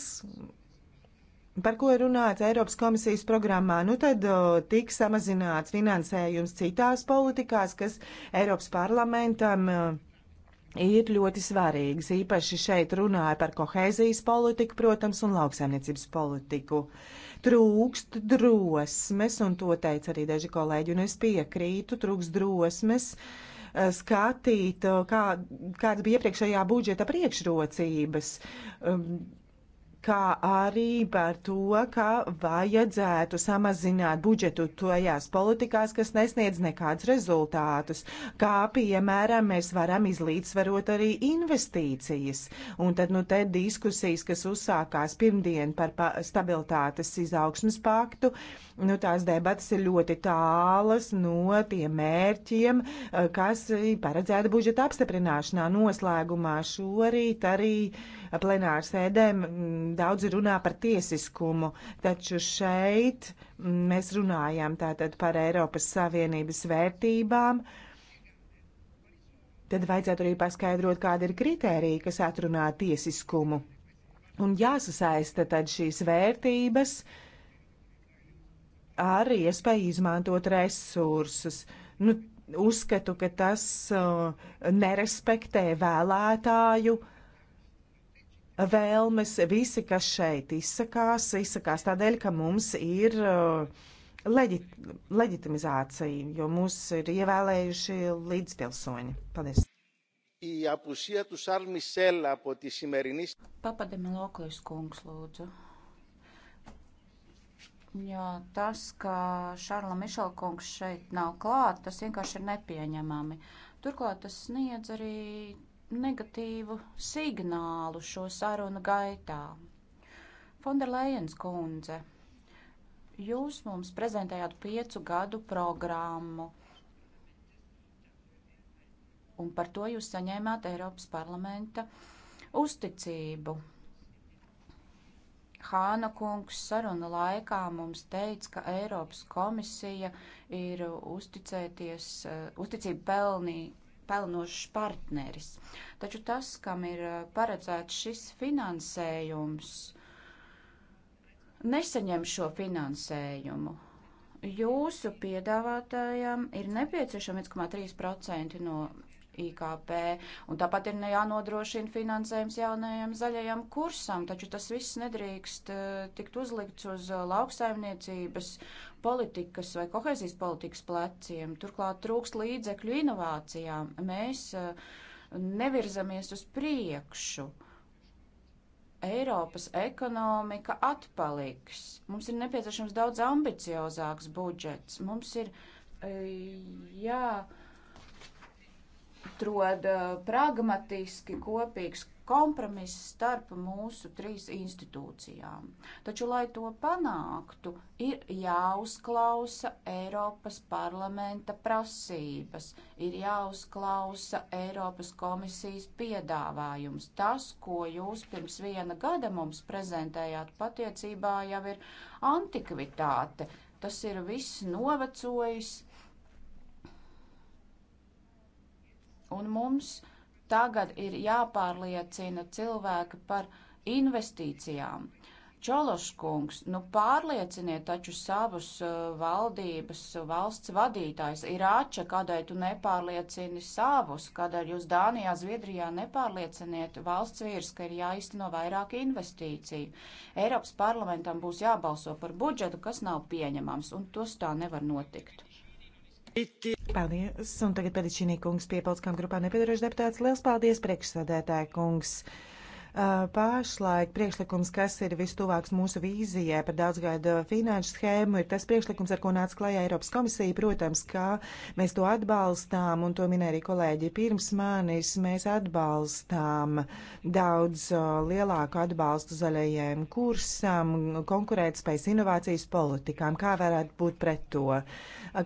par ko ir runāts Eiropas komisijas programmā. Nu tad o, tiks samazināts finansējums citās politikās, kas Eiropas parlamentam uh, ir ļoti svarīgas. Īpaši šeit runāja par kohēzijas politiku, protams, un lauksaimniecības politiku. Trūkst drosmes, un to teica arī daži kolēģi, un es piekrītu, trūkst drosmes eh, skatīt, eh, kā, kādas bija iepriekšējā budžeta priekšrocības. Um, kā arī par to, ka vajadzētu samazināt budžetu tojās politikās, kas nesniedz nekādus rezultātus, kā piemēram mēs varam izlīdzsvarot arī investīcijas. Un tad nu te diskusijas, kas uzsākās pirmdien par stabilitātes izaugsmas paktu, nu tās debatas ir ļoti tālas no tiem mērķiem, eh, kas paredzēta budžeta apstiprināšanā noslēgumā šorīt arī. arī plenāru sēdēm mm, daudzi runā par tiesiskumu, taču šeit mm, mēs runājam tātad par Eiropas Savienības vērtībām. Tad vajadzētu arī paskaidrot, kāda ir kritērija, kas atrunā tiesiskumu. Un jāsasaista tad šīs vērtības ar iespēju izmantot resursus. Nu, uzskatu, ka tas uh, nerespektē vēlētāju uh, vēlmes, visi, kas šeit izsakās, izsakās tādēļ, ka mums ir uh, leģit, leģitimizācija, jo mūs ir ievēlējuši līdzpilsoņi. Paldies! Η απουσία του Σαρλ Μισελ από τη σημερινή... Παπαντεμιλόκλης κούγκς, λούτζο. Jā, tas, ka Šarla Mišela kungs šeit nav klāt, tas vienkārši ir nepieņemami. Turklāt tas sniedz arī negatīvu signālu šo sarunu gaitā. Fonda Lējens kundze, jūs mums prezentējāt piecu gadu programmu, un par to jūs saņēmāt Eiropas parlamenta uzticību. Hāna kungs saruna laikā mums teica, ka Eiropas komisija ir uzticēties, uh, eh, uzticība pelnī, pelnošs partneris. Taču tas, kam ir eh, paredzēts šis finansējums, nesaņem šo finansējumu. Jūsu piedāvātājam ir nepieciešama 1,3% no IKP, un tāpat ir jānodrošina finansējums jaunajam zaļajam kursam, taču tas viss nedrīkst eh, tikt uzlikts uz eh, lauksaimniecības politikas vai kohēzijas politikas pleciem. Turklāt trūkst līdzekļu inovācijām. Mēs eh, nevirzamies uz priekšu. Eiropas ekonomika atpaliks. Mums ir nepieciešams daudz ambiciozāks budžets. Mums ir jā. Uh, jāatrod uh, pragmatiski kopīgs kompromiss starp mūsu trīs institūcijām. Taču, lai to panāktu, ir jāuzklausa Eiropas parlamenta prasības, ir jāuzklausa Eiropas komisijas piedāvājums. Tas, ko jūs pirms viena gada mums prezentējāt, patiecībā jau ir antikvitāte. Tas ir viss novecojis, Un mums tagad ir jāpārliecina cilvēki par investīcijām. Čološkungs, nu pārlieciniet taču savus eh, valdības, valsts vadītājs, Irāča, kādēļ tu nepārliecini savus, kādēļ jūs Dānijā, Zviedrijā nepārlieciniet valsts vīrs, ka ir jāizteno vairāk investīciju. Eiropas parlamentam būs jābalso par budžetu, kas nav pieņemams, un tas tā nevar notikt. Paldies, un tagad pēdējā kungs piepildskām grupā nepiedarošs deputāts. Liels paldies, priekšsēdētāja kungs! Pašlaik priekšlikums, kas ir vistuvāks mūsu vīzijai par daudzgaidu finanšu schēmu, ir tas priekšlikums, ar ko nāca klajā Eiropas komisija. Protams, kā mēs to atbalstām, un to minēja arī kolēģi pirms manis, mēs atbalstām daudz lielāku atbalstu zaļajiem kursam, konkurētspējas inovācijas politikām, kā varētu būt pret to,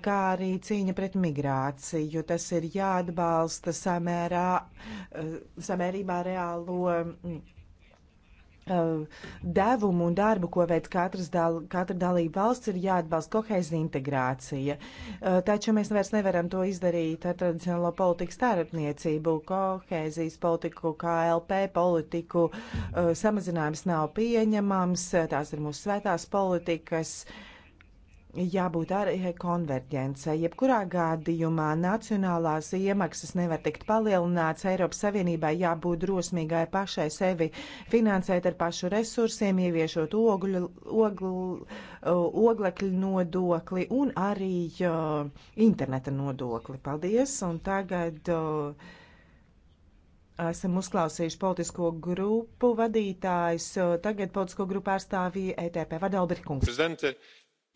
kā arī cīņa pret migrāciju, jo tas ir jāatbalsta samērā, samērībā reālo Eh, devumu un darbu, ko veic dal, katra dalība valsts, ir jāatbalsta kohēzija integrācija. Eh, taču mēs vairs nevaram to izdarīt ar tradicionālo politiku starpniecību, kohēzijas politiku, KLP politiku. Eh, samazinājums nav pieņemams, tās ir mūsu svētās politikas. Uh, jābūt arī konverģencei. Jebkurā gadījumā nacionālās iemaksas nevar tikt palielināts. Eiropas Savienībai jābūt drosmīgai pašai sevi finansēt ar pašu resursiem, ieviešot ogļu, ogl, uh, oglekļu nodokli un arī uh, interneta nodokli. Paldies! Un tagad uh, esam uzklausījuši politisko grupu vadītājs. Uh, tagad politisko grupu pārstāvīja ETP vadalbrikungs. Prezidente.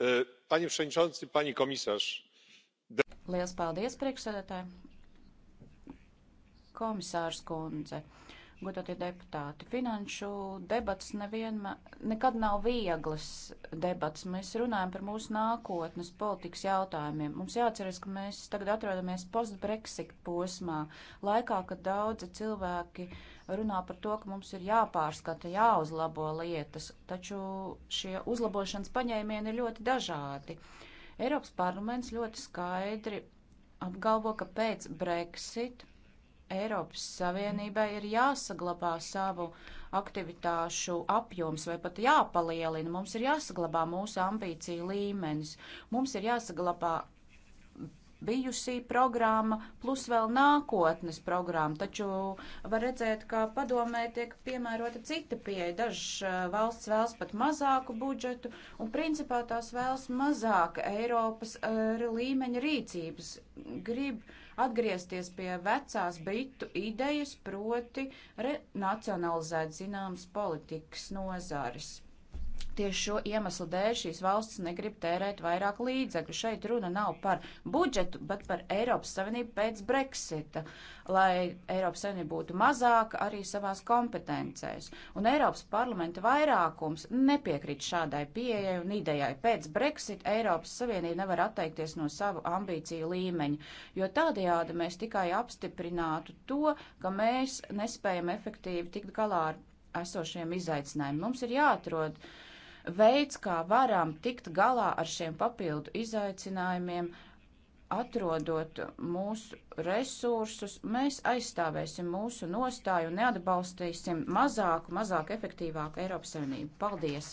Uh Panie przewodniczący, pani komisarz. Liels paldies, priekšsēdētāji. Komisārs kundze, godotie deputāti, finanšu debats nevienmēr, nekad nav vieglas debats. Mēs runājam par mūsu nākotnes politikas jautājumiem. Mums jāatceras, ka mēs tagad atrodamies post-Brexit posmā, laikā, kad daudzi cilvēki uh, runā par to, ka mums ir jāpārskata, jāuzlabo lietas, taču šie uzlabošanas paņēmieni ir ļoti dažādi. Eiropas parlaments ļoti skaidri apgalvo, ka pēc Brexit Eiropas Savienībai ir jāsaglabā savu aktivitāšu apjoms vai pat jāpalielina. Mums ir jāsaglabā mūsu ambīcija līmenis. Mums ir jāsaglabā bijusī programma, plus vēl nākotnes programma. Taču var redzēt, ka padomē tiek piemērota cita pieeja. Dažas eh, valsts vēlas pat mazāku budžetu, un principā tās vēlas mazāka Eiropas uh, līmeņa rīcības. Grib atgriezties pie vecās Britu idejas, proti renacionalizēt zināmas politikas nozares. Tieši šo iemeslu dēļ šīs valsts negrib tērēt vairāk līdzekļu. Šeit runa nav par budžetu, bet par Eiropas Savienību pēc Brexita, lai Eiropas Savienība būtu mazāka arī savās kompetencēs. Un Eiropas parlamenta vairākums nepiekrīt šādai pieejai un idejai. Pēc Brexit Eiropas Savienība nevar atteikties no savu ambīciju līmeņa, jo tādējādi mēs tikai apstiprinātu to, ka mēs nespējam efektīvi tikt galā ar esošiem izaicinājumiem. Mums ir jāatrod uh, veids, kā varam tikt galā ar šiem papildu izaicinājumiem, atrodot mūsu resursus, mēs aizstāvēsim mūsu nostāju un neatbalstīsim mazāku, mazāk efektīvāku Eiropas Savienību. Paldies!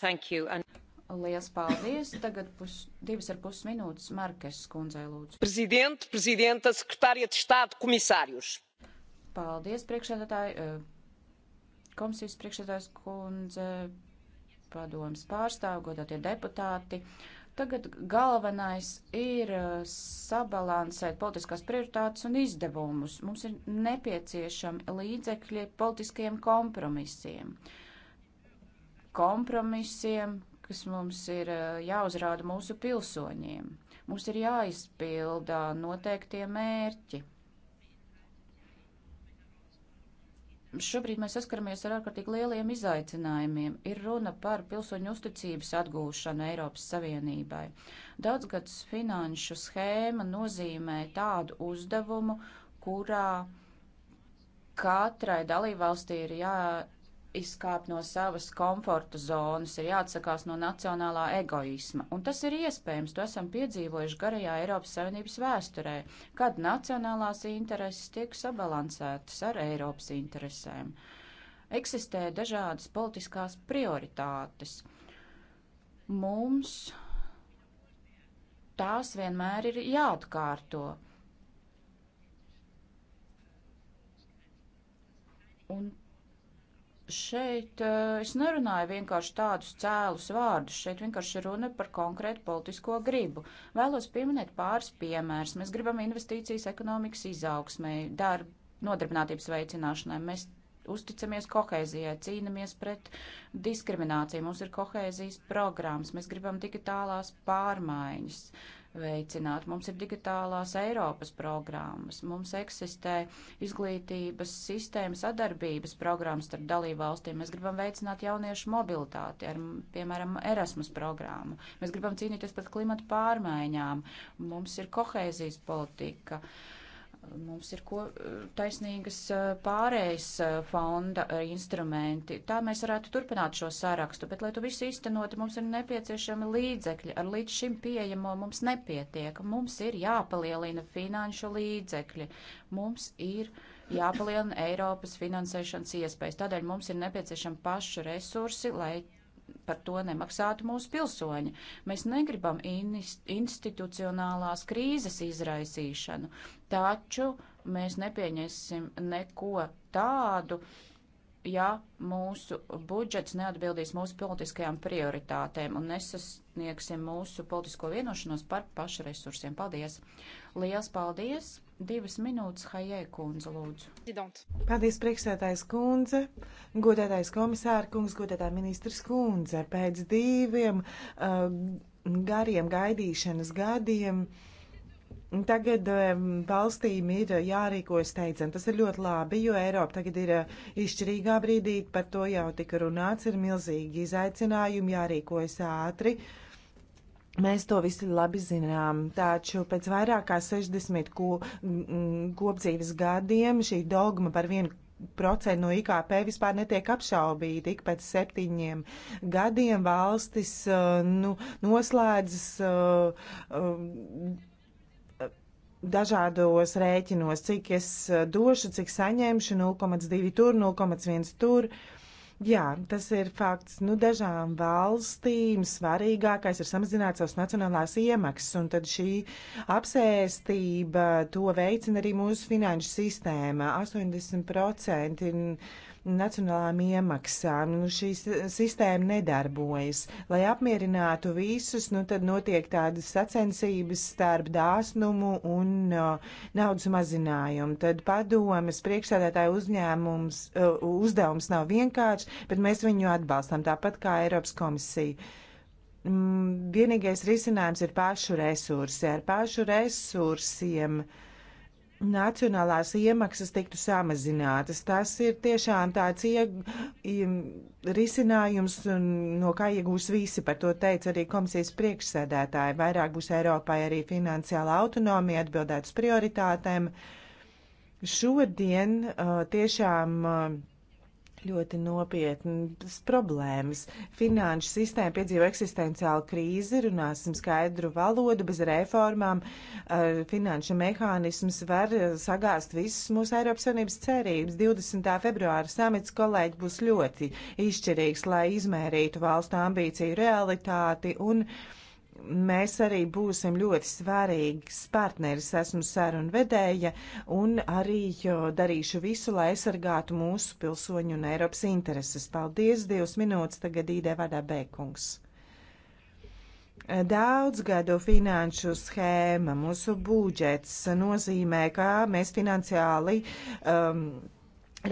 Thank you. And... Liels paldies! Tagad pus, divas ar pus minūtes Markes skundzei lūdzu. Prezident, prezidenta, sekretārija de štātu komisārjus. Paldies, priekšsēdētāji! Eh, Komisijas priekšsēdājas kundze, padomas pārstāv, godātie deputāti. Tagad galvenais ir uh, sabalansēt politiskās prioritātes un izdevumus. Mums ir nepieciešami līdzekļi politiskajiem kompromisiem. Kompromisiem, kas mums ir uh, jāuzrāda mūsu pilsoņiem. Mums ir jāizpilda noteiktie mērķi. Šobrīd mēs saskaramies ar ārkārtīgi lieliem izaicinājumiem. Ir runa par pilsoņu uzticības atgūšanu Eiropas Savienībai. Daudzgads finanšu schēma nozīmē tādu uzdevumu, kurā katrai dalībvalstī ir jā jāizkāp no savas komforta zonas, ir jāatsakās no nacionālā egoisma. Un tas ir iespējams, to esam piedzīvojuši garajā Eiropas Savienības vēsturē, kad nacionālās intereses tiek sabalansētas ar Eiropas interesēm. Eksistē dažādas politiskās prioritātes. Mums tās vienmēr ir jāatkārto. Un Šeit eh, es nerunāju vienkārši tādus cēlus vārdus, šeit vienkārši runa par konkrētu politisko gribu. Vēlos pieminēt pāris piemērus. Mēs gribam investīcijas ekonomikas izaugsmē, darba, nodarbinātības veicināšanai. Mēs uzticamies kohēzijai, cīnamies pret diskrimināciju, mums ir kohēzijas programmas, mēs gribam digitālās pārmaiņas. Uh, veicināt. Mums ir digitālās Eiropas programmas, mums eksistē izglītības sistēmas sadarbības programmas starp dalībvalstīm. Mēs gribam veicināt jauniešu mobilitāti ar, piemēram, Erasmus programmu. Mēs gribam cīnīties pret klimatu pārmaiņām. Mums ir kohēzijas politika. Uh, Mums ir ko eh, taisnīgas eh, pārējas eh, fonda instrumenti. Tā mēs varētu turpināt šo sārakstu, bet, lai to visu īstenot, mums ir nepieciešami līdzekļi. Ar līdz šim pieejamo mums nepietiek. Mums ir jāpalielina finanšu līdzekļi. Mums ir jāpalielina Eiropas finansēšanas iespējas. Tādēļ mums ir nepieciešami pašu resursi, lai par to nemaksātu mūsu pilsoņi. Mēs negribam institucionālās krīzes izraisīšanu, taču mēs nepieņemsim neko tādu, ja mūsu budžets neatbildīs mūsu politiskajām prioritātēm un nesasniegsim mūsu politisko vienošanos par pašresursiem. Paldies! Liels paldies! Divas minūtes, Haijai kundze, lūdzu. Paldies, priekšsētājs kundze, godētājs komisāra kungs, godētā ministrs kundze. Pēc diviem uh, gariem gaidīšanas gadiem. Tagad um, valstīm ir jārīkojas steidzami. Tas ir ļoti labi, jo Eiropa tagad ir uh, izšķirīgā brīdī, par to jau tika runāts, ir milzīgi izaicinājumi, jārīkojas ātri. Uh, Mēs to visi labi zinām, taču pēc vairāk kā 60 ko, kopdzīves gadiem šī dogma par vienu procentu no IKP vispār netiek apšaubīta. Ik pēc septiņiem gadiem valstis uh, nu, noslēdzas. Uh, um, dažādos rēķinos, cik es uh, došu, cik saņemšu, 0,2 tur, 0,1 tur. Uh, Jā, tas ir fakts. Nu, dažām valstīm svarīgākais ir samazināt savas nacionālās iemaksas, un tad šī apsēstība to veicina arī mūsu finanšu sistēma. 80% nacionālām iemaksām. Nu, šī sistēma nedarbojas. Lai apmierinātu visus, nu, tad notiek tādas sacensības starp dāsnumu un uh, naudas mazinājumu. Tad padomas priekšsēdētāja uzņēmums, uh, uzdevums nav vienkāršs, bet mēs viņu atbalstam tāpat kā Eiropas komisija. Mm, vienīgais risinājums ir pašu resursi. Ar pašu resursiem uh, nacionālās iemaksas tiktu samazinātas. Tas ir tiešām tāds ieg, risinājums, no kā iegūs visi. Par to teica arī komisijas priekšsēdētāji. Vairāk būs Eiropai arī finansiāla autonomija atbildēt uz prioritātēm. Šodien uh, tiešām uh, ļoti nopietnas problēmas. Finanšu sistēma piedzīvo eksistenciālu krīzi, runāsim skaidru valodu, bez reformām eh, finanšu mehānisms var sagāst visas mūsu Eiropas Savienības cerības. 20. februāra samits kolēģi būs ļoti izšķirīgs, lai izmērītu valstu ambīciju realitāti un uh, mēs arī būsim ļoti svarīgs partneris. Esmu sarunu vedēja un arī darīšu visu, lai aizsargātu mūsu pilsoņu un Eiropas intereses. Paldies, divas minūtes tagad īdē vadā bēkungs. Daudzgadu finanšu schēma, mūsu budžets nozīmē, ka mēs finansiāli um,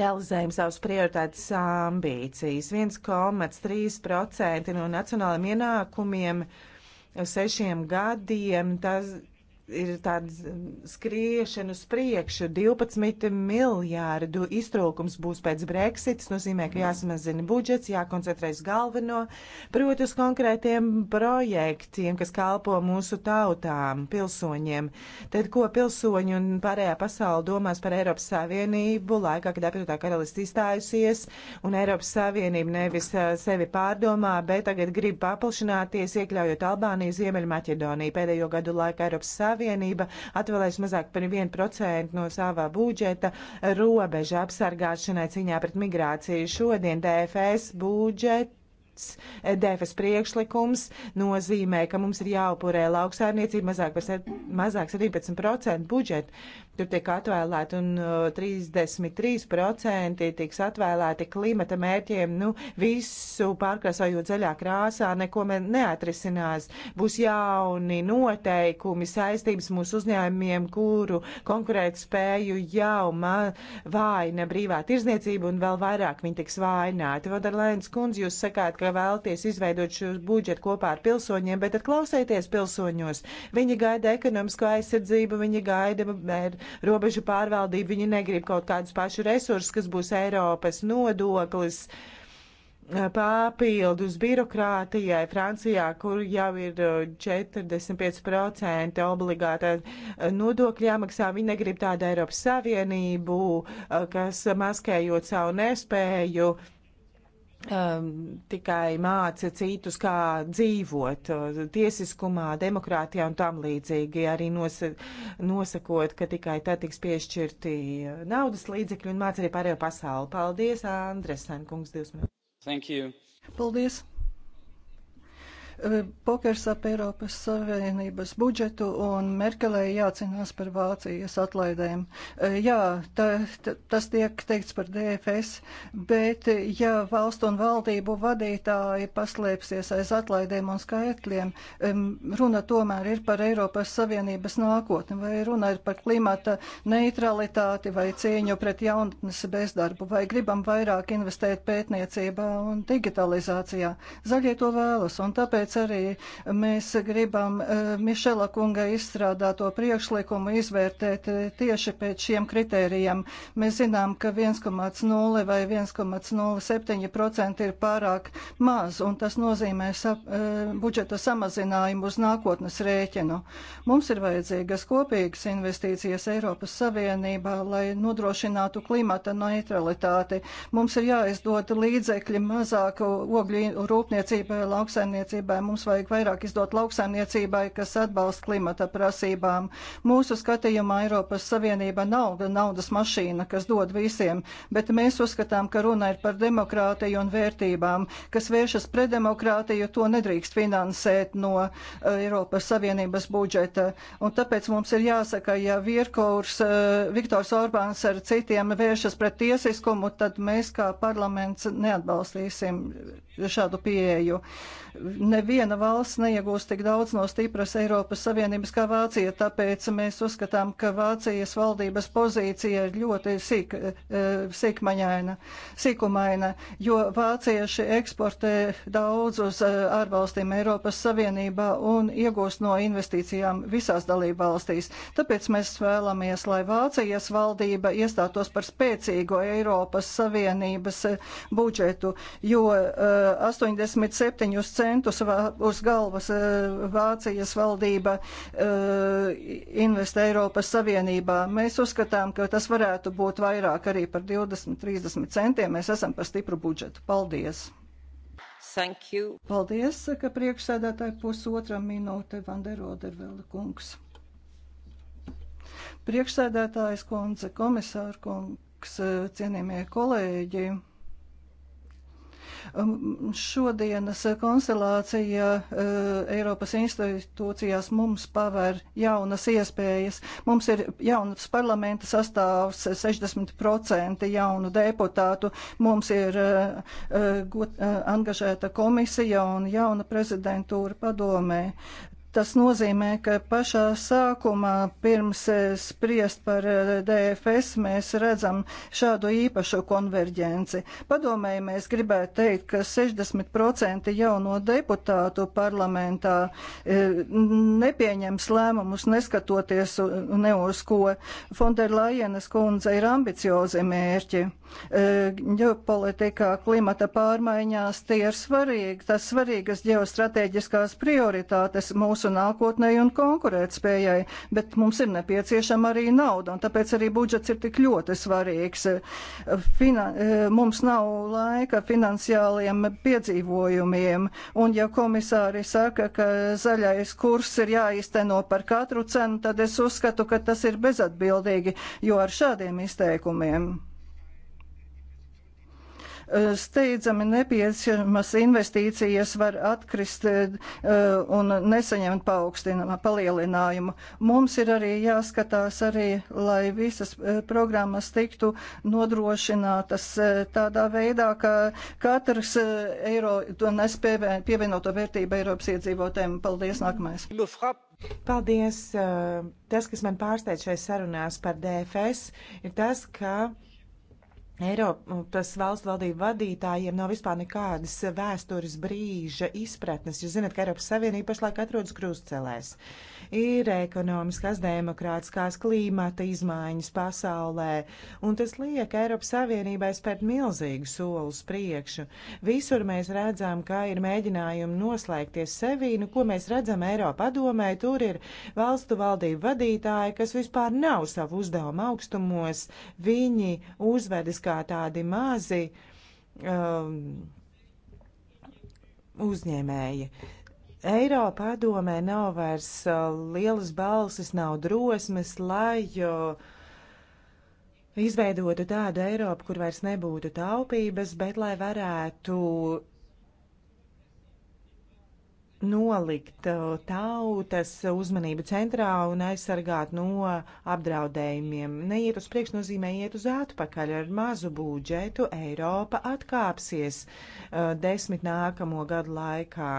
realizējam savas prioritātes ambīcijas. 1,3% no nacionālajiem ienākumiem uh, sešiem gadiem. Tas, ir tāda skriešana uz priekšu. 12 miljārdu iztrūkums būs pēc Brexit. Tas nozīmē, ka jāsamazina budžets, jākoncentrējas galveno, proti uz konkrētiem projektiem, kas kalpo mūsu tautām, pilsoņiem. Tad, ko pilsoņi un pārējā pasaule domās par Eiropas Savienību laikā, kad apvienotā karalists izstājusies, un Eiropas Savienība nevis sevi pārdomā, bet tagad grib paplašināties, iekļaujot Albāniju, Ziemeļmaķedoniju. Pēdējo gadu laikā Eiropas Savienība Savienība atvēlēs mazāk par 1% no savā budžeta robeža apsargāšanai ciņā pret migrāciju. Šodien DFS budžet pats DFS priekšlikums nozīmē, ka mums ir jāupurē lauksaimniecība mazāk par mazāk 17% budžetu. Tur tiek atvēlēti un 33% uh, tiks atvēlēti klimata mērķiem. Nu, visu pārkrāsojot zaļā krāsā, neko neatrisinās. Būs jauni noteikumi, saistības mūsu uzņēmumiem, kuru konkurēt spēju jau vājina brīvā tirzniecība un vēl vairāk viņi tiks vājināti. Vodarlēns kundze, jūs sakāt, ka vēlties izveidot šo budžetu kopā ar pilsoņiem, bet tad klausieties pilsoņos. Viņi gaida ekonomisko aizsardzību, viņi gaida mēr, robežu pārvaldību, viņi negrib kaut kādus pašu resursus, kas būs Eiropas nodoklis eh, papildus birokrātijai Francijā, kur jau ir 45% eh, obligātā eh, nodokļa jāmaksā. Viņi negrib tādu Eiropas Savienību, kas maskējot savu nespēju um, tikai māca citus, kā dzīvot uh, tiesiskumā, demokrātijā un tam līdzīgi, arī nosa, nosakot, ka tikai tad tiks piešķirti uh, naudas līdzekļi un māca arī pārējo pasauli. Paldies, Andresen, kungs, divas minūtes. Thank you. Paldies. Eh, pokers ap Eiropas Savienības budžetu un Merkelē jācinās par Vācijas atlaidēm. Eh, jā, tā, tā, tas tiek teikts par DFS, bet eh, ja valstu un valdību vadītāji paslēpsies aiz atlaidēm un skaitļiem, runa tomēr ir par Eiropas Savienības nākotni, vai runa ir par klimata neutralitāti vai cīņu pret jaunatnes bezdarbu, vai gribam vairāk investēt pētniecībā un digitalizācijā. Zaļie to vēlas, un tāpēc Tāpēc arī mēs gribam eh, Mišela kunga izstrādāto priekšlikumu izvērtēt eh, tieši pēc šiem kritērijiem. Mēs zinām, ka 1,0 vai 1,07% ir pārāk maz, un tas nozīmē sap, eh, budžeta samazinājumu uz nākotnes rēķinu. Mums ir vajadzīgas kopīgas investīcijas Eiropas Savienībā, lai nodrošinātu klimata neutralitāti. Mums ir jāizdod līdzekļi mazāku ogļu rūpniecībai, lauksaimniecībai vai mums vajag vairāk izdot lauksaimniecībai, kas atbalsta klimata prasībām. Mūsu skatījumā Eiropas Savienība nav naudas mašīna, kas dod visiem, bet mēs uzskatām, ka runa ir par demokrātiju un vērtībām, kas vēršas pret demokrātiju, to nedrīkst finansēt no uh, Eiropas Savienības budžeta. Un tāpēc mums ir jāsaka, ja Virkurs, uh, Viktors Orbāns ar citiem vēršas pret tiesiskumu, tad mēs kā parlaments neatbalstīsim šādu pieeju. Neviena valsts neiegūs tik daudz no stipras Eiropas Savienības kā Vācija, tāpēc mēs uzskatām, ka Vācijas valdības pozīcija ir ļoti sīk, eh, sīkmaņaina, sīkumaina, jo vācieši eksportē daudz uz eh, ārvalstīm Eiropas Savienībā un iegūst no investīcijām visās dalībvalstīs. Tāpēc mēs vēlamies, lai Vācijas valdība iestātos par spēcīgo Eiropas Savienības eh, budžetu, jo uh, 87 centus uz galvas eh, Vācijas valdība eh, investē Eiropas Savienībā. Mēs uzskatām, ka tas varētu būt vairāk arī par 20-30 centiem. Mēs esam par stipru budžetu. Paldies! Thank you. Paldies, ka priekšsēdētāji pusotra minūte Vanderodervela kungs. Priekšsēdētājs kundze, komisāra kungs, eh, cienījamie kolēģi. Um, šodienas konstelācija uh, Eiropas institūcijās mums paver jaunas iespējas. Mums ir jaunas parlamenta sastāvs, 60% jaunu deputātu, mums ir uh, uh, angažēta komisija un jauna prezidentūra padomē. Tas nozīmē, ka pašā sākumā pirms spriest par eh, DFS mēs redzam šādu īpašu konverģenci. Padomēji mēs gribētu teikt, ka 60% jauno deputātu parlamentā eh, nepieņems lēmumus neskatoties ne uz ko. Fonderlajenes kundze ir ambiciozi mērķi. Eh, ģeopolitikā klimata pārmaiņās tie ir svarīgi, tas svarīgas ģeostrateģiskās prioritātes mūsu mūsu nākotnē un konkurētspējai, bet mums ir nepieciešama arī nauda, un tāpēc arī budžets ir tik ļoti svarīgs. Fina eh, mums nav laika finansiāliem piedzīvojumiem, un ja komisāri saka, ka zaļais kurs ir jāizteno par katru cenu, tad es uzskatu, ka tas ir bezatbildīgi, jo ar šādiem izteikumiem steidzami nepieciešamas investīcijas var atkrist e, un nesaņemt palielinājumu. Mums ir arī jāskatās arī, lai visas e, programmas tiktu nodrošinātas e, tādā veidā, ka katrs eiro to nes pievienoto vērtību Eiropas iedzīvotājiem. Paldies, nākamais! Paldies! Tas, kas man pārsteidz šajās sarunās par DFS, ir tas, ka Eiropas valsts valdību vadītājiem nav vispār nekādas vēstures brīža izpratnes. Jūs zināt, ka Eiropas Savienība pašlaik atrodas krustcelēs. Ir ekonomiskās, demokrātiskās, klimata izmaiņas pasaulē, un tas liek Eiropas Savienībai spērt milzīgu soli uz priekšu. Visur mēs redzam, ka ir mēģinājumi noslēgties sevī, nu ko mēs redzam Eiropa padomē, tur ir valstu valdību vadītāji, kas vispār nav savu uzdevumu augstumos, viņi uzvedas, kā tādi mazi um, uzņēmēji. Eiropa padomē nav vairs uh, lielas balsis, nav drosmes, lai uh, izveidotu tādu Eiropu, kur vairs nebūtu taupības, bet lai varētu nolikt uh, tautas uzmanību centrā un aizsargāt no apdraudējumiem. Neiet uz priekšu nozīmē iet uz atpakaļ. Ar mazu budžetu Eiropa atkāpsies uh, desmit nākamo gadu laikā,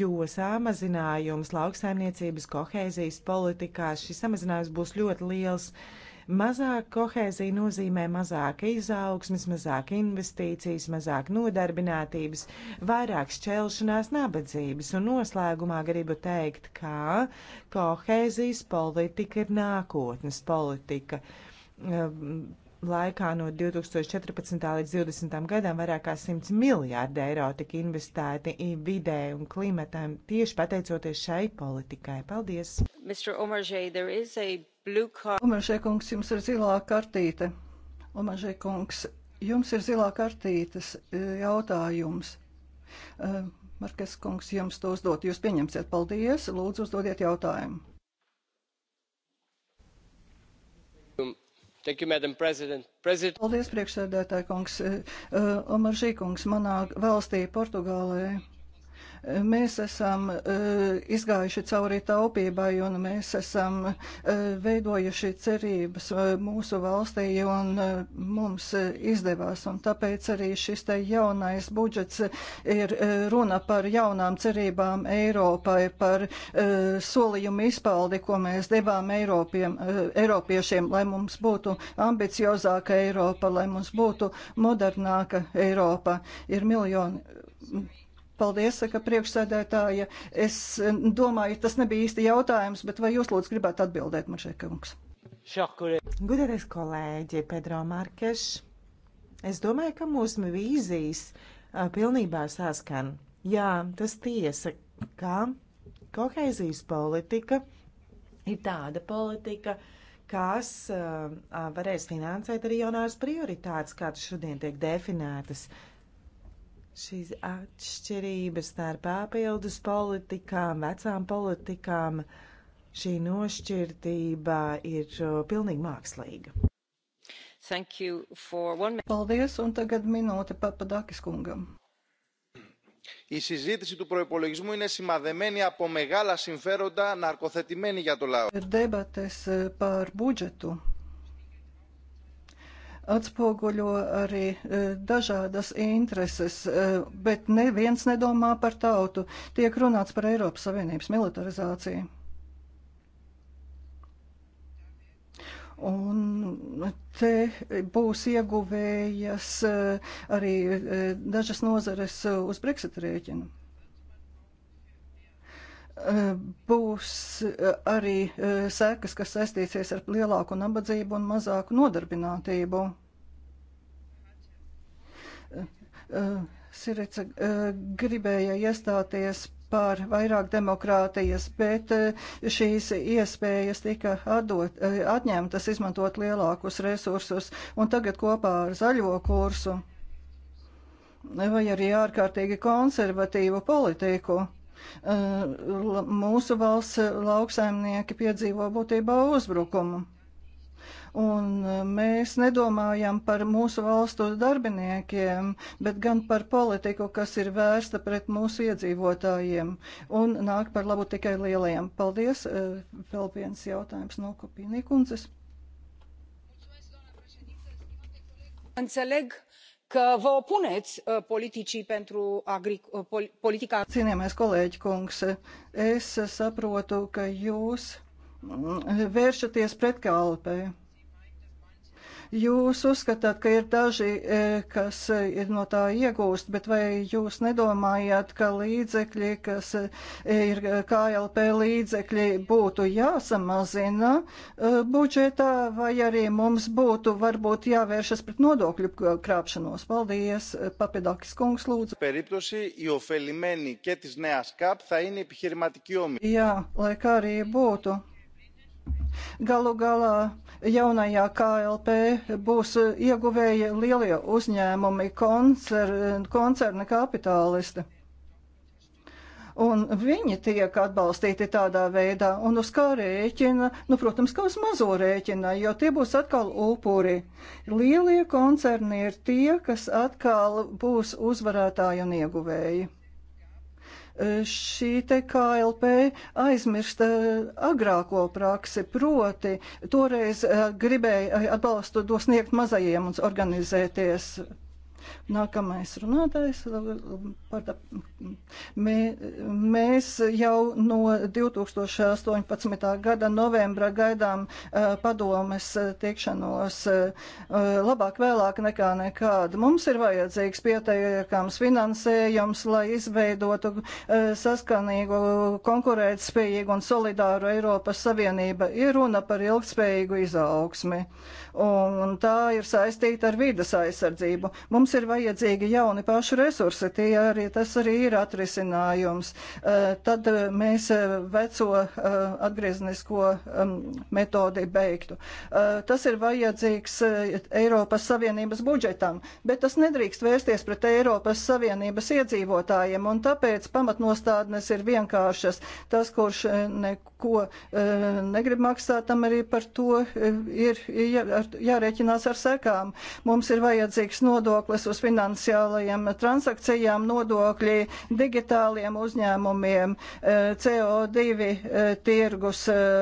jo samazinājums lauksaimniecības kohēzijas politikās šis samazinājums būs ļoti liels. Uh, Mazāk kohēzija nozīmē mazāk izaugsmes, mazāk investīcijas, mazāk nodarbinātības, vairāk šķelšanās, nabadzības. Un noslēgumā gribu teikt, ka kohēzijas politika ir nākotnes politika ehm, laikā no 2014. līdz 2020. gadam vairāk kā 100 miljārdi eiro tika investēti vidē un klimatam tieši pateicoties šai politikai. Paldies! Omarjē, Umežē kungs, jums ir zilā kartīte. Umežē kungs, jums ir zilā kartītes e, jautājums. E, Markes kungs, jums to uzdot. Jūs pieņemsiet. Paldies. Lūdzu, uzdodiet jautājumu. Thank you, Madam President. President... Paldies, priekšsēdētāji kungs. E, Omaržī kungs, manā valstī Portugālē Mēs esam e, izgājuši cauri taupībai un mēs esam e, veidojuši cerības e, mūsu valstī un mums izdevās. Un tāpēc arī šis te jaunais budžets ir runa par jaunām cerībām Eiropai, par solījumu izpaldi, ko mēs devām Eiropiem, Eiropiešiem, lai mums būtu ambiciozāka Eiropa, lai mums būtu modernāka Eiropa. Ir miljoni Paldies, saka priekšsēdētāja. Es domāju, tas nebija īsti jautājums, bet vai jūs lūdzu gribētu atbildēt, Mašekungs? Gudēties kolēģi Pedro Markeš, es domāju, ka mūsu vīzijas a, pilnībā saskan. Jā, tas tiesa, ka kohēzijas politika ir tāda politika, kas uh, varēs finansēt arī jaunās prioritātes, kādas šodien tiek definētas. Uh, šīs atšķirības starp papildus politikām, vecām politikām, šī nošķirtība ir uh, pilnīgi mākslīga. One... Paldies, un tagad minūte Papadakis kungam. Η συζήτηση του προϋπολογισμού είναι σημαδεμένη από μεγάλα συμφέροντα ναρκοθετημένη για το λαό. Debates uh, par budžetu atspoguļo arī e, dažādas intereses, e, bet neviens nedomā par tautu. Tiek runāts par Eiropas Savienības militarizāciju. Un te būs ieguvējas e, arī dažas nozares uz Brexit rēķinu būs eh, arī eh, sekas, kas saistīsies ar lielāku nabadzību un mazāku nodarbinātību. Eh, Sirica gribēja iestāties par vairāk demokrātijas, bet šīs iespējas tika atdot, atņemtas izmantot lielākus resursus un tagad kopā ar zaļo kursu vai arī ārkārtīgi konservatīvu politiku Eh, mūsu valsts lauksaimnieki piedzīvo būtībā uzbrukumu un eh, mēs nedomājam par mūsu valstu darbiniekiem, bet gan par politiku, kas ir vērsta pret mūsu iedzīvotājiem un nāk par labu tikai lielajiem. Paldies! Eh, vēl viens jautājums no Kopīnī kundzes. Înțeleg ka vă opuneți uh, politicii pentru uh, politikā. Cienījamais kolēģi kungs, es saprotu, ka jūs mm, vēršaties pret KLP. Jūs uzskatāt, ka ir daži, e, kas e, ir no tā iegūst, bet vai jūs nedomājat, ka līdzekļi, kas e, ir KLP līdzekļi, būtu jāsamazina budžetā, vai arī mums būtu varbūt jāvēršas pret nodokļu krāpšanos? Paldies, Papidakis kungs, lūdzu. Jā, lai kā arī būtu. Galu galā jaunajā KLP būs ieguvēji lielie uzņēmumi, koncerni, koncerni kapitālisti. Un viņi tiek atbalstīti tādā veidā, un uz kā rēķina, nu, protams, ka uz mazo rēķina, jo tie būs atkal upuri. Lielie koncerni ir tie, kas atkal būs uzvarētāji un ieguvēji. Šī te KLP aizmirst eh, agrāko praksi, proti toreiz eh, gribēja atbalstu dosniegt mazajiem un organizēties Nākamais runātājs par tā. Mē, mēs jau no 2018. gada novembra gaidām padomes tikšanos labāk vēlāk nekā nekāda. Mums ir vajadzīgs pieteikams finansējums, lai izveidotu saskanīgu, konkurētspējīgu un solidāru Eiropas Savienību. Ir runa par ilgspējīgu izaugsmi. Un tā ir saistīta ar vidas aizsardzību. Mums Mums ir vajadzīgi jauni pašu resursi, tie arī, tas arī ir atrisinājums. Eh, tad eh, mēs eh, veco atgrieznisko ehm, metodi beigtu. Tas ir vajadzīgs Eiropas Savienības budžetam, bet tas nedrīkst vērsties pret Eiropas Savienības iedzīvotājiem, un tāpēc pamatnostādnes ir vienkāršas. Tas, kurš neko ko eh, negrib maksāt, tam arī par to eh, ir jārēķinās ar sekām. Mums ir vajadzīgs nodoklis uz finansiālajiem transakcijām, nodokļi digitāliem uzņēmumiem, eh, CO2 tirgus